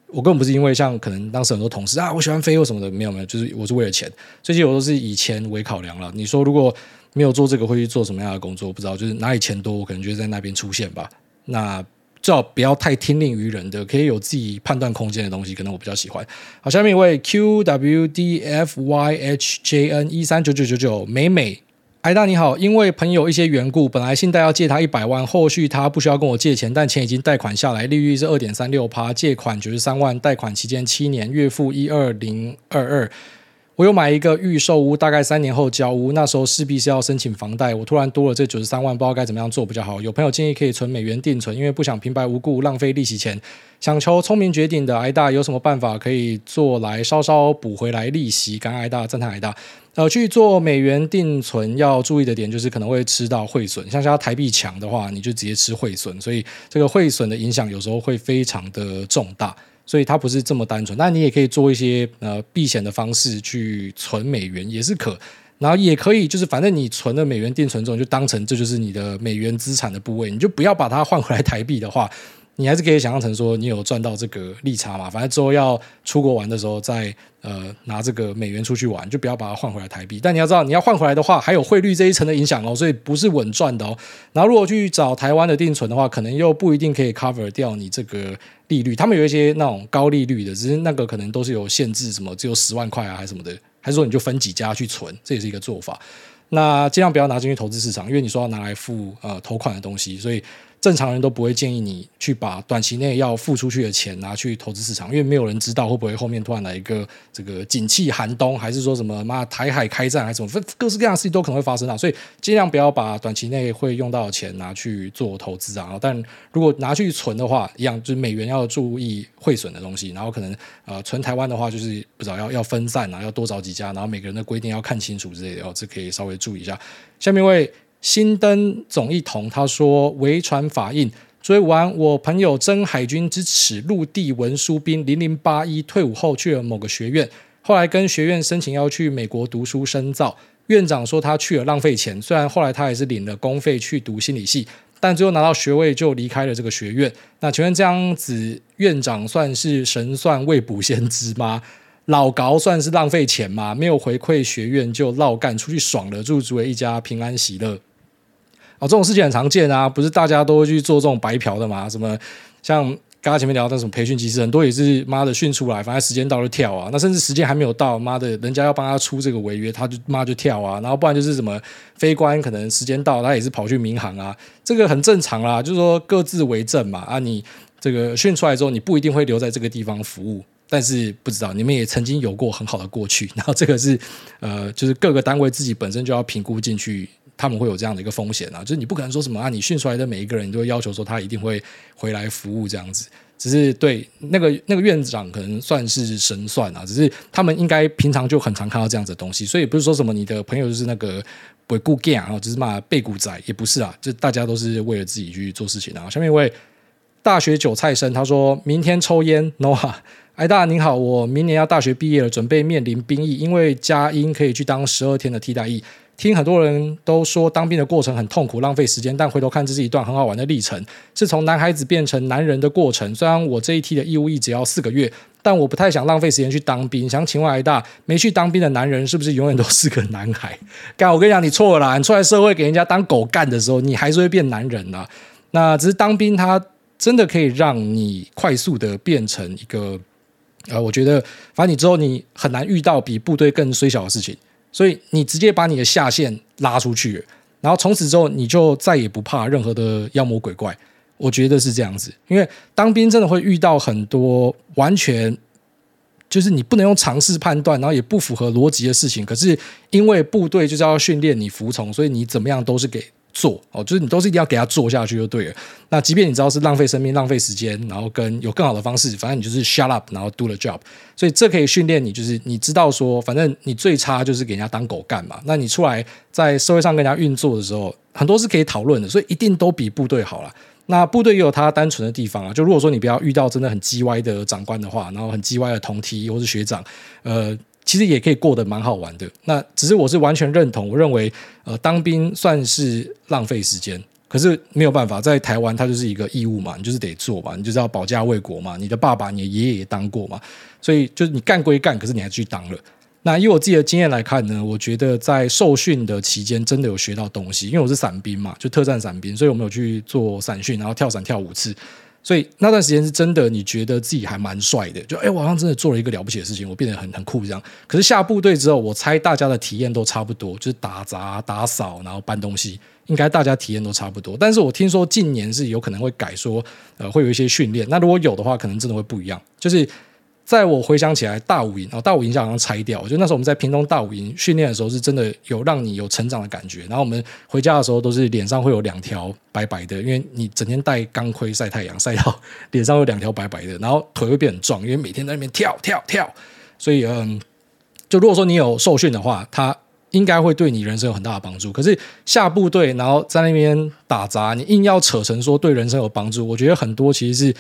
我根本不是因為像可能當時很多同事啊，我喜歡飛或什麼的，沒有沒有，就是我是為了錢。最近我都是以錢為考量了。你說如果沒有做這個，會去做什麼樣的工作？不知道，就是哪裡錢多，我可能就在那邊出現吧。那最好不要太聽令於人的，可以有自己判斷空間的東西，可能我比較喜歡。好，下面一位 QWDFYHJN 一三九九九九美美。癌大你好，因為朋友一些緣故，本來信貸要借他一百萬，後續他不需要跟我借錢，但錢已經貸款下來，利率是二點三六趴，借款九十三萬，貸款期間七年，月付一二零二二。我有買一個預售屋，大概三年後交屋，那時候勢必是要申請房貸。我突然多了這九十三萬，不知道該怎麼樣做比較好。有朋友建議可以存美元定存，因為不想平白無故浪費利息錢，想求聰明絕頂的癌大，有什麼辦法可以做來稍稍補回來利息？感恩癌大，讚嘆癌大。呃，去做美元定存要注意的點就是可能會吃到匯損，像是台幣強的話，你就直接吃匯損，所以這個匯損的影響有時候會非常的重大，所以它不是這麼單純。但你也可以做一些呃避險的方式去存美元也是可，然後也可以就是反正你存了美元定存之後就當成這就是你的美元資產的部位，你就不要把它換回來台幣的話。你還是可以想象成說，你有賺到這個利差嘛？反正之後要出國玩的時候，再呃拿這個美元出去玩，就不要把它換回來台幣。但你要知道，你要換回來的話，還有匯率這一層的影響哦，所以不是穩賺的哦。然後如果去找台灣的定存的話，可能又不一定可以 cover 掉你這個利率。他們有一些那種高利率的，只是那個可能都是有限制，什麼只有十萬塊啊，還是什麼的，還是說你就分幾家去存，這也是一個做法。那盡量不要拿進去投資市場，因為你說要拿來付呃頭款的東西，所以。正常人都不會建議你去把短期內要付出去的錢拿去投資市場，因為沒有人知道會不會後面突然來一個這個景氣寒冬，還是說什麼媽台海開戰，還是什麼，各式各樣的事情都可能會發生啊。所以尽量不要把短期內會用到的錢拿去做投資啊。但如果拿去存的話，一樣就是美元要注意匯損的東西，然後可能、呃、存台灣的話，就是不知道要要分散啊，要多找幾家，然後每個人的規定要看清楚之類的哦，這可以稍微注意一下。下面為新登總一同他說：“維傳法印追完我朋友真海軍之恥，陸地文書兵零零八一退伍後去了某個學院，後來跟學院申請要去美國讀書深造。院長說他去了浪費錢，雖然後來他也是領了公費去讀心理系，但最後拿到學位就離開了這個學院。那請問這樣子，院長算是神算未卜先知嗎？老高算是浪費錢嗎？沒有回饋學院就老干出去爽了，祝諸位一家平安喜樂。”哦，這種事情很常見啊，不是大家都會去做這種白嫖的嘛，什麼像剛剛前面聊到什麼培訓機師，其實很多也是媽的訓出來，反正時間到就跳啊。那甚至時間還沒有到，媽的，人家要幫他出這個違約，他就媽就跳啊。然後不然就是什麼飛官，可能時間到他也是跑去民航啊，這個很正常啦，就是說各自為政嘛。啊，你這個訓出來之後，你不一定會留在這個地方服務，但是不知道你們也曾經有過很好的過去。然後這個是呃，就是各個單位自己本身就要評估進去。他們會有這樣的一個風險啊，就是你不可能說什麼啊，你訓出來的每一個人，你都會要求說他一定會回來服務這樣子。只是對那個那個院長可能算是神算啊，只是他們應該平常就很常看到這樣子的東西，所以不是說什麼你的朋友就是那個鬼故 gay 啊，就是罵背骨仔也不是啊，就大家都是為了自己去做事情啊。下面一位大學韭菜生，他說明天抽煙 no ha 艾大你好，我明年要大學畢業了，準備面臨兵役，因為家因可以去當十二天的替代役。聽很多人都說當兵的過程很痛苦、浪費時間，但回頭看這是一段很好玩的歷程，是從男孩子變成男人的過程。雖然我這一梯的義務役只要四個月，但我不太想浪費時間去當兵。想請問艾大，沒去當兵的男人是不是永遠都是個男孩？該我跟你講，你錯了啦！你出來社會給人家當狗幹的時候，你還是會變男人的啊。那只是當兵，他真的可以讓你快速的變成一個。啊、呃，我覺得反正你之後你很難遇到比部隊更衰小的事情，所以你直接把你的下線拉出去，然後從此之後你就再也不怕任何的妖魔鬼怪。我覺得是這樣子，因為當兵真的會遇到很多完全就是你不能用常識判斷，然後也不符合邏輯的事情。可是因為部隊就是要訓練你服從，所以你怎麼樣都是給。做哦，就是你都是一定要給他做下去就對了。那即便你知道是浪費生命、浪費時間，然後跟有更好的方式，反正你就是 shut up，然後 do the job。所以這可以訓練你，就是你知道說，反正你最差就是給人家當狗幹嘛？那你出來在社會上跟人家運作的時候，很多是可以討論的。所以一定都比部隊好啦。那部隊也有它單純的地方啊。就如果說你不要遇到真的很嘰歪的長官的話，然後很嘰歪的同梯或是學長，呃。其實也可以過得蠻好玩的，那只是我是完全認同，我認為，呃，當兵算是浪費時間，可是沒有辦法，在台灣他就是一個義務嘛，你就是得做嘛，你就是要保家衛國嘛，你的爸爸、你的爺爺也當過嘛，所以就是你幹歸幹，可是你還是去當了。那以我自己的經驗來看呢，我覺得在受訓的期間真的有學到東西，因為我是傘兵嘛，就特戰傘兵，所以我們有去做傘訓，然後跳傘跳五次。所以那段時間是真的，你覺得自己還蠻帥的，就哎、欸，我好像真的做了一個了不起的事情，我變得很很酷這樣。可是下部隊之後，我猜大家的體驗都差不多，就是打雜、打掃，然後搬東西，應該大家體驗都差不多。但是我聽說近年是有可能會改說，說呃會有一些訓練。那如果有的話，可能真的會不一樣，就是。在我回想起來，大武營，哦、大武營就好像拆掉。我覺得那時候我們在屏東大武營訓練的時候，是真的有讓你有成長的感覺。然後我們回家的時候，都是臉上會有兩條白白的，因為你整天戴鋼盔曬太陽，曬到臉上會有兩條白白的，然後腿會變很壯，因為每天在那邊跳跳跳。所以，嗯，就如果說你有受訓的話，它應該會對你人生有很大的幫助。可是下部隊，然後在那邊打雜，你硬要扯成說對人生有幫助，我覺得很多其實是。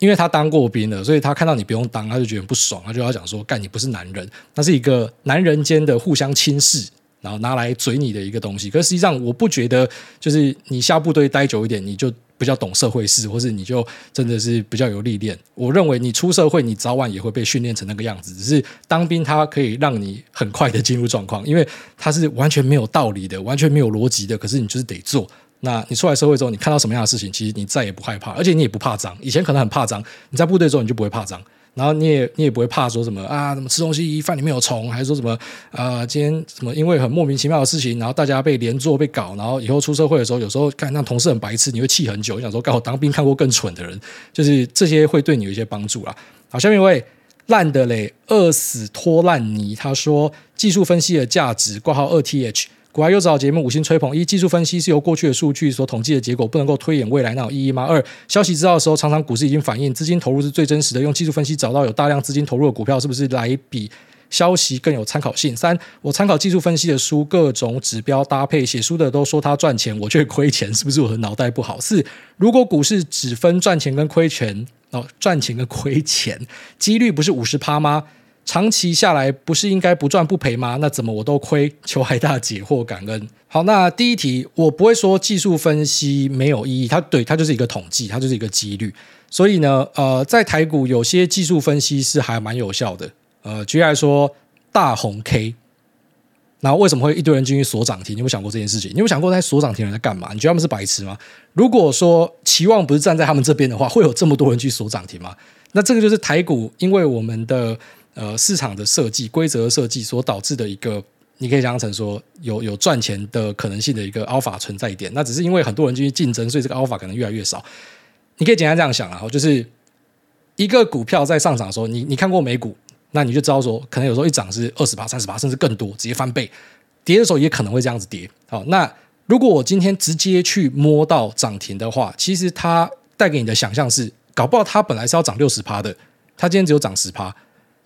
因為他當過兵了，所以他看到你不用當，他就覺得很不爽，他就要講說：“幹你不是男人，那是一個男人間的互相輕視，然後拿來嘴你的一個東西。”可是實際上，我不覺得，就是你下部隊待久一點，你就比較懂社會事，或是你就真的是比較有歷練。我認為你出社會，你早晚也會被訓練成那個樣子。只是當兵，他可以讓你很快的進入狀況，因為他是完全沒有道理的，完全沒有邏輯的。可是你就是得做。那你出來社會之後，你看到什麼樣的事情，其實你再也不害怕，而且你也不怕髒。以前可能很怕髒，你在部隊之後你就不會怕髒，然後你也你也不會怕說什麼啊，什麼吃東西飯裡面有蟲，還是說什麼啊、呃，今天什麼因為很莫名其妙的事情，然後大家被連坐被搞，然後以後出社會的時候，有時候看那同事很白痴，你會氣很久，就想說剛好當兵看過更蠢的人，就是這些會對你有一些幫助啦。好，下面一位爛的嘞，餓死拖爛泥，他說技術分析的價值，掛號二 TH。國外優質好節目五星吹捧。一，技術分析是由過去的數據所統計的結果，不能夠推演未來，那有意義嗎？二，消息知道的時候，常常股市已經反映資金投入是最真實的。用技術分析找到有大量資金投入的股票，是不是來比消息更有參考性？三，我參考技術分析的書，各種指標搭配寫書的都說他賺錢，我卻虧錢，是不是我的腦袋不好？四，如果股市只分賺錢跟虧錢，哦賺錢跟虧錢幾率不是五十趴嗎？長期下來不是應該不賺不賠嗎？那怎麼我都虧？求海大解惑，感恩。好，那第一題，我不會說技術分析沒有意義，它對它就是一個統計，它就是一個幾率。所以呢，呃，在台股有些技術分析是還蠻有效的。呃，舉例來說，大紅 K，那為什麼會一堆人進去鎖漲停？你有沒有想過這件事情？你有沒有想過在鎖漲停的人在幹嘛？你覺得他們是白痴嗎？如果說期望不是站在他們這邊的話，會有這麼多人去鎖漲停嗎？那這個就是台股，因為我們的。呃，市場的設計規則設計所導致的一個，你可以想象成說有有賺錢的可能性的一個 Alpha 存在一點。那只是因為很多人進去競爭，所以這個 Alpha 可能越來越少。你可以簡單這樣想啊，就是一個股票在上漲的時候，你你看過美股，那你就知道說，可能有時候一漲是二十趴、三十趴，甚至更多，直接翻倍。跌的時候也可能會這樣子跌。好，那如果我今天直接去摸到漲停的話，其實它帶給你的想象是，搞不好它本來是要漲六十趴的，它今天只有漲十趴。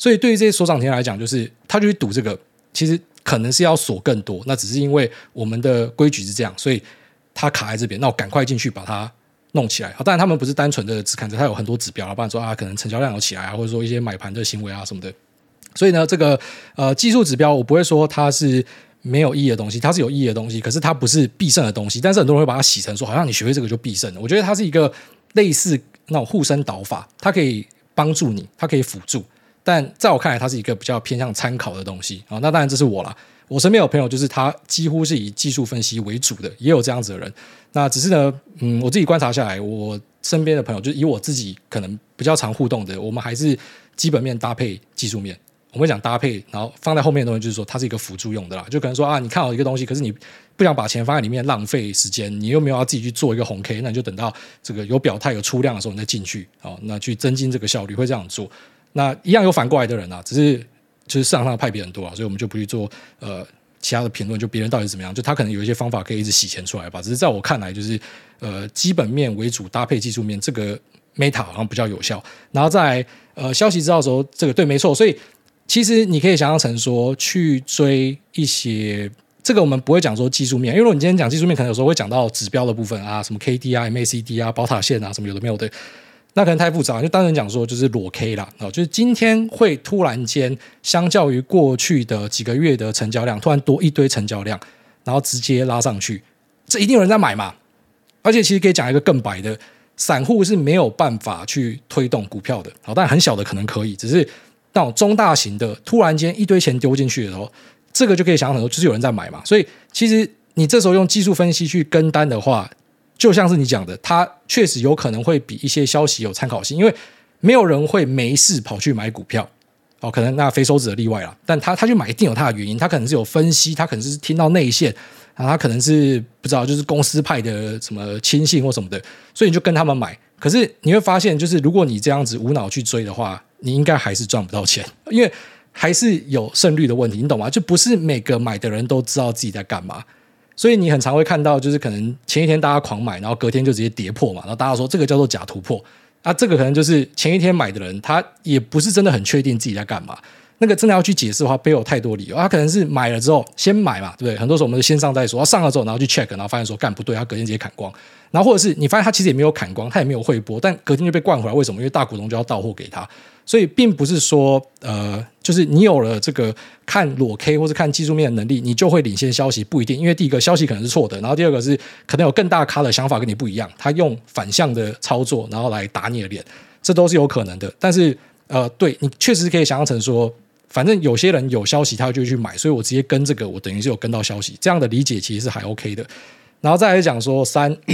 所以，對於這些鎖漲停來講，就是他就去賭這個，其實可能是要鎖更多，那只是因為我們的規矩是這樣，所以它卡在這邊，那我趕快進去把它弄起來。哦、當然，他們不是單純的只看着他有很多指標啊，不然說啊，可能成交量有起來啊，或者說一些買盤的行為啊什麼的。所以呢，這個呃技術指標，我不會說它是沒有意義的東西，它是有意義的東西，可是它不是必勝的東西。但是很多人會把它洗成說，好像你學會這個就必勝的。我覺得它是一個類似那種護身導法，它可以幫助你，它可以輔助。但在我看來，它是一個比較偏向參考的東西。那當然，這是我啦。我身邊有朋友，就是他幾乎是以技術分析為主的，也有這樣子的人。那只是呢，嗯，我自己觀察下來，我身邊的朋友，就以我自己可能比較常互動的，我們還是基本面搭配技術面。我們講搭配，然後放在後面的東西，就是說它是一個輔助用的啦。就可能說啊，你看好一個東西，可是你不想把錢放在裡面浪費時間，你又沒有要自己去做一個紅 K，那你就等到這個有表態有出量的時候，你再進去。那去增進這個效率，會這樣做。那一樣有反過來的人啊，只是就是市場上的派別很多啊，所以我們就不去做呃其他的評論，就別人到底是怎麼樣，就他可能有一些方法可以一直洗錢出來吧。只是在我看來，就是呃基本面為主搭配技術面，這個 Meta 好像比較有效。然後在呃消息知道的時候，這個對，沒錯。所以其實你可以想象成說，去追一些這個我們不會講說技術面，因為如果你今天講技術面，可能有時候會講到指標的部分啊，什麼 KD 啊、MACD 啊、寶塔線啊，什麼有的沒有的。那可能太複雜，就單純講說就是裸 K 了，就是今天會突然間相較於過去的幾個月的成交量，突然多一堆成交量，然後直接拉上去，這一定有人在買嘛。而且其實可以講一個更白的，散戶是沒有辦法去推動股票的，好，但很小的可能可以，只是那種中大型的，突然間一堆錢丟進去的時候，這個就可以想很多，就是有人在買嘛。所以其實你這時候用技術分析去跟單的話。就像是你講的，他確實有可能會比一些消息有參考性，因為沒有人會沒事跑去買股票，哦，可能那肥手指的例外了，但他他去買一定有他的原因，他可能是有分析，他可能是聽到內線啊，他可能是不知道就是公司派的什麼親信或什麼的，所以你就跟他們買。可是你會發現，就是如果你這樣子無腦去追的話，你應該還是賺不到錢，因為還是有勝率的問題，你懂嗎？就不是每個買的人都知道自己在幹嘛。所以你很常會看到，就是可能前一天大家狂買，然後隔天就直接跌破嘛，然後大家說這個叫做假突破，啊，這個可能就是前一天買的人，他也不是真的很確定自己在幹嘛。那個真的要去解釋的話，不要有太多理由，啊，他可能是買了之後先買嘛，對不對？很多時候我們就先上再說，上了之後然後去 check，然後發現說，幹不對，他隔天直接砍光，然後或者是你發現他其實也沒有砍光，他也沒有匯波，但隔天就被灌回來，為什麼？因為大股東就要到貨給他。所以並不是說，呃，就是你有了這個看裸 K 或者看技術面的能力，你就會領先消息，不一定。因為第一個消息可能是錯的，然後第二個是可能有更大咖的想法跟你不一樣，他用反向的操作然後來打你的臉，這都是有可能的。但是，呃，對，你確實可以想象成說，反正有些人有消息，他就去買，所以我直接跟這個，我等於是有跟到消息，這樣的理解其實是還 OK 的。然後再來講說三。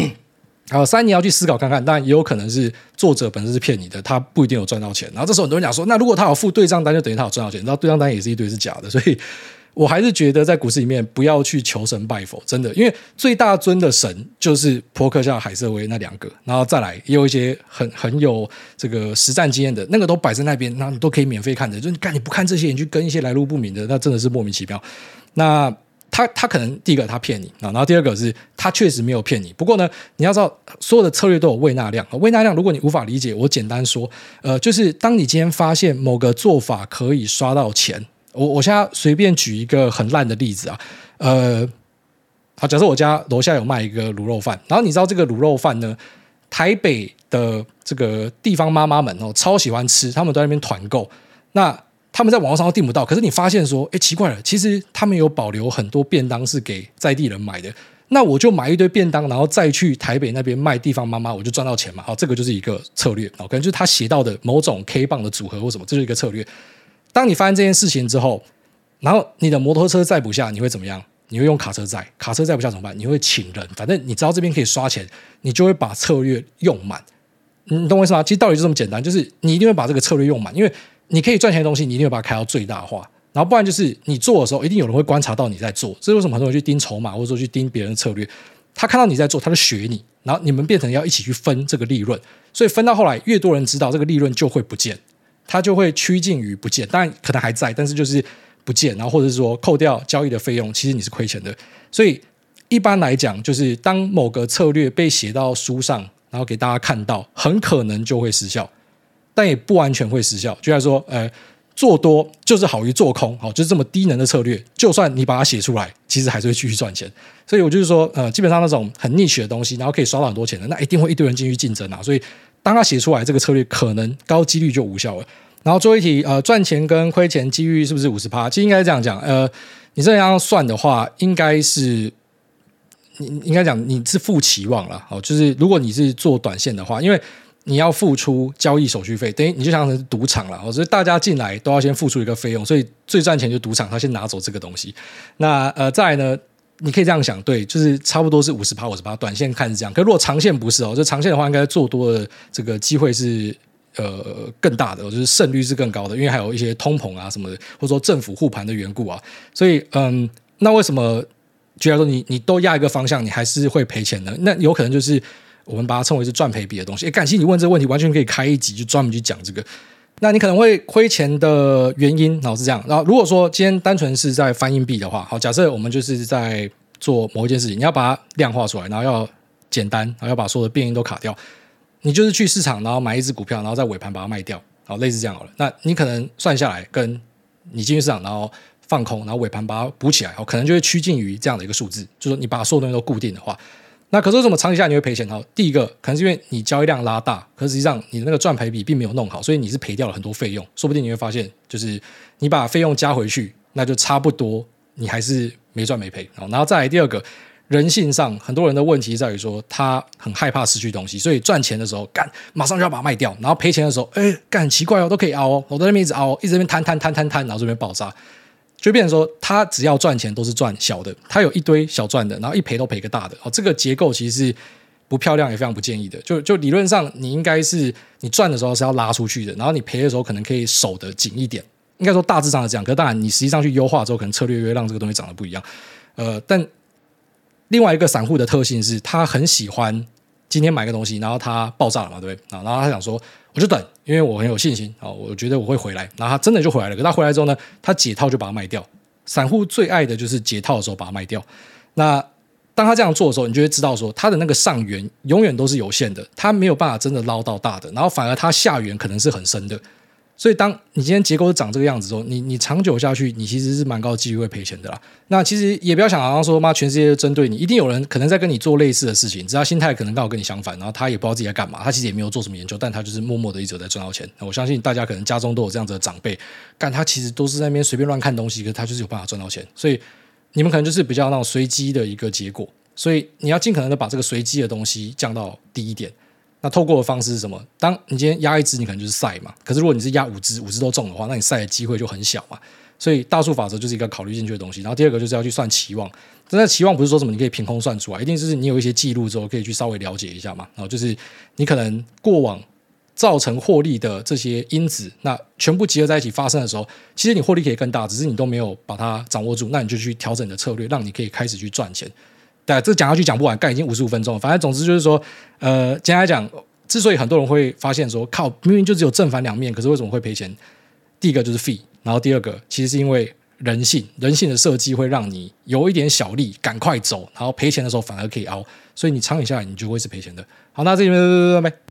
啊，三你要去思考看看，但也有可能是作者本身是騙你的，他不一定有賺到錢。然後這時候很多人講說，那如果他有付對賬單，就等於他有賺到錢。然後對賬單也是一堆是假的，所以我還是覺得在股市裡面不要去求神拜佛，真的，因為最大尊的神就是波克夏海瑟威那兩個，然後再來也有一些很很有這個實戰經驗的，那個都擺在那邊，那你都可以免費看的。就你幹，你不看這些，你去跟一些來路不明的，那真的是莫名其妙。那。他他可能第一個他騙你，然後第二個是他確實沒有騙你。不過呢，你要知道所有的策略都有胃納量。胃納量，如果你無法理解，我簡單說，呃，就是當你今天發現某個做法可以刷到錢，我我現在隨便舉一個很爛的例子啊，呃，好，假設我家樓下有賣一個滷肉飯，然後你知道這個滷肉飯呢，台北的這個地方媽媽們哦超喜歡吃，他們都在那邊團購那。他們在網絡上都訂不到，可是你發現說，哎，奇怪了，其實他們有保留很多便當是給在地人買的。那我就買一堆便當，然後再去台北那邊賣地方媽媽，我就賺到錢嘛。好，這個就是一個策略哦，可能就是他寫到的某種 K 棒的組合或什麼，這就是一個策略。當你發現這件事情之後，然後你的摩托車載不下，你會怎麼樣？你會用卡車載，卡車載不下怎麼辦？你會請人，反正你知道這邊可以刷錢，你就會把策略用滿。你懂我意思嗎？其實道理就這麼簡單，就是你一定會把這個策略用滿，因為。你可以賺錢的東西，你一定要把它開到最大化，然後不然就是你做的時候，一定有人會觀察到你在做。這是為什麼很多人去盯籌碼，或者說去盯別人的策略？他看到你在做，他就學你，然後你們變成要一起去分這個利潤。所以分到後來，越多人知道這個利潤就會不見，他就會趨近於不見。當然可能還在，但是就是不見。然後或者是說扣掉交易的費用，其實你是虧錢的。所以一般來講，就是當某個策略被寫到書上，然後給大家看到，很可能就會失效。但也不完全會失效，就像說，呃，做多就是好於做空，好就是這麼低能的策略，就算你把它寫出來，其實還是會繼續賺錢。所以我就是說，呃，基本上那種很 niche 的東西，然後可以刷到很多錢的，那一定會一堆人進去競爭啦。所以，當他寫出來這個策略，可能高幾率就無效了。然後最後一題，呃，賺錢跟虧錢幾率是不是五十趴？其實應該是這樣講，呃，你這樣算的話，應該是你應該講你是負期望了，好，就是如果你是做短線的話，因為。你要付出交易手續費，等於你就像是賭場了。我覺得大家進來都要先付出一個費用，所以最賺錢就賭場，他先拿走這個東西。那呃，再來呢，你可以這樣想，對，就是差不多是五十趴五十趴。短線看是這樣，可如果長線不是哦，就長線的話，應該做多的這個機會是呃更大的，就是勝率是更高的，因為還有一些通膨啊什麼的，或者說政府護盤的緣故啊。所以嗯，呃，那為什麼居然說你你都壓一個方向，你還是會賠錢的？那有可能就是。我們把它稱為是賺賠比的東西。哎，感謝你問這個問題，完全可以開一集就專門去講這個。那你可能會虧錢的原因，然後是這樣。然後如果說今天單純是在翻硬幣的話，好，假設我們就是在做某一件事情，你要把它量化出來，然後要簡單，然後要把所有的變因都卡掉。你就是去市場，然後買一隻股票，然後在尾盤把它賣掉，好，類似這樣好了。那你可能算下來，跟你進去市場然後放空，然後尾盤把它補起來，好，可能就會趨近於這樣的一個數字，就是你把所有東西都固定的話。那可是為什麼長期下你會賠錢呢？第一個可能是因為你交易量拉大，可實際上你的那個賺賠比並沒有弄好，所以你是賠掉了很多費用。說不定你會發現，就是你把費用加回去，那就差不多，你還是沒賺沒賠。然後再來第二個，人性上很多人的問題是在於說，他很害怕失去東西，所以賺錢的時候幹馬上就要把它賣掉，然後賠錢的時候，哎、欸，幹很奇怪哦，都可以熬哦，我在那邊一直熬哦，一直在那邊攤攤攤攤攤，然後這邊爆炸。就變成說，他只要賺錢都是賺小的，他有一堆小賺的，然後一賠都賠個大的。哦，這個結構其實是不漂亮，也非常不建議的。就就理論上，你應該是你賺的時候是要拉出去的，然後你賠的時候可能可以守得緊一點。應該說大致上是這樣。可是當然你實際上去優化之後，可能策略越讓這個東西長得不一樣。呃，但另外一個散戶的特性是，他很喜歡。今天買個東西，然後它爆炸了嘛，對不對？然後他想說，我就等，因為我很有信心，我覺得我會回來。然後他真的就回來了，可他回來之後呢，他解套就把它賣掉。散戶最愛的就是解套的時候把它賣掉。那當他這樣做的時候，你就會知道說，他的那個上緣永遠都是有限的，他沒有辦法真的撈到大的，然後反而他下緣可能是很深的。所以，當你今天結構長這個樣子之後，你你長久下去，你其實是蠻高的幾率會賠錢的啦。那其實也不要想，好像說媽，全世界都針對你，一定有人可能在跟你做類似的事情，只要心態可能剛好跟你相反，然後他也不知道自己在幹嘛，他其實也沒有做什麼研究，但他就是默默的一直在賺到錢。那我相信大家可能家中都有這樣子的長輩，幹他其實都是在那邊隨便亂看東西，可是他就是有辦法賺到錢。所以你們可能就是比較那種隨機的一個結果，所以你要盡可能的把這個隨機的東西降到低一點。那透過的方式是什麼？當你今天壓一支，你可能就是賽嘛。可是如果你是壓五支，五支都中的話，那你賽的機會就很小嘛。所以大數法則就是一個考慮進去的東西。然後第二個就是要去算期望，那期望不是說什麼你可以憑空算出來，一定就是你有一些記錄之後可以去稍微了解一下嘛。然後就是你可能過往造成獲利的這些因子，那全部集合在一起發生的時候，其實你獲利可以更大，只是你都沒有把它掌握住。那你就去調整你的策略，讓你可以開始去賺錢。.對，這講下去講不完，幹，已經五十五分鐘了。了反正總之就是說，呃，簡單來講，之所以很多人會發現說，靠，明明就只有正反兩面，可是為什麼會賠錢？第一個就是 Fee，然後第二個其實是因為人性，人性的設計會讓你有一點小利趕快走，然後賠錢的時候反而可以熬，所以你長遠下來你就會是賠錢的。好，那這邊對對對對對。拜拜拜拜。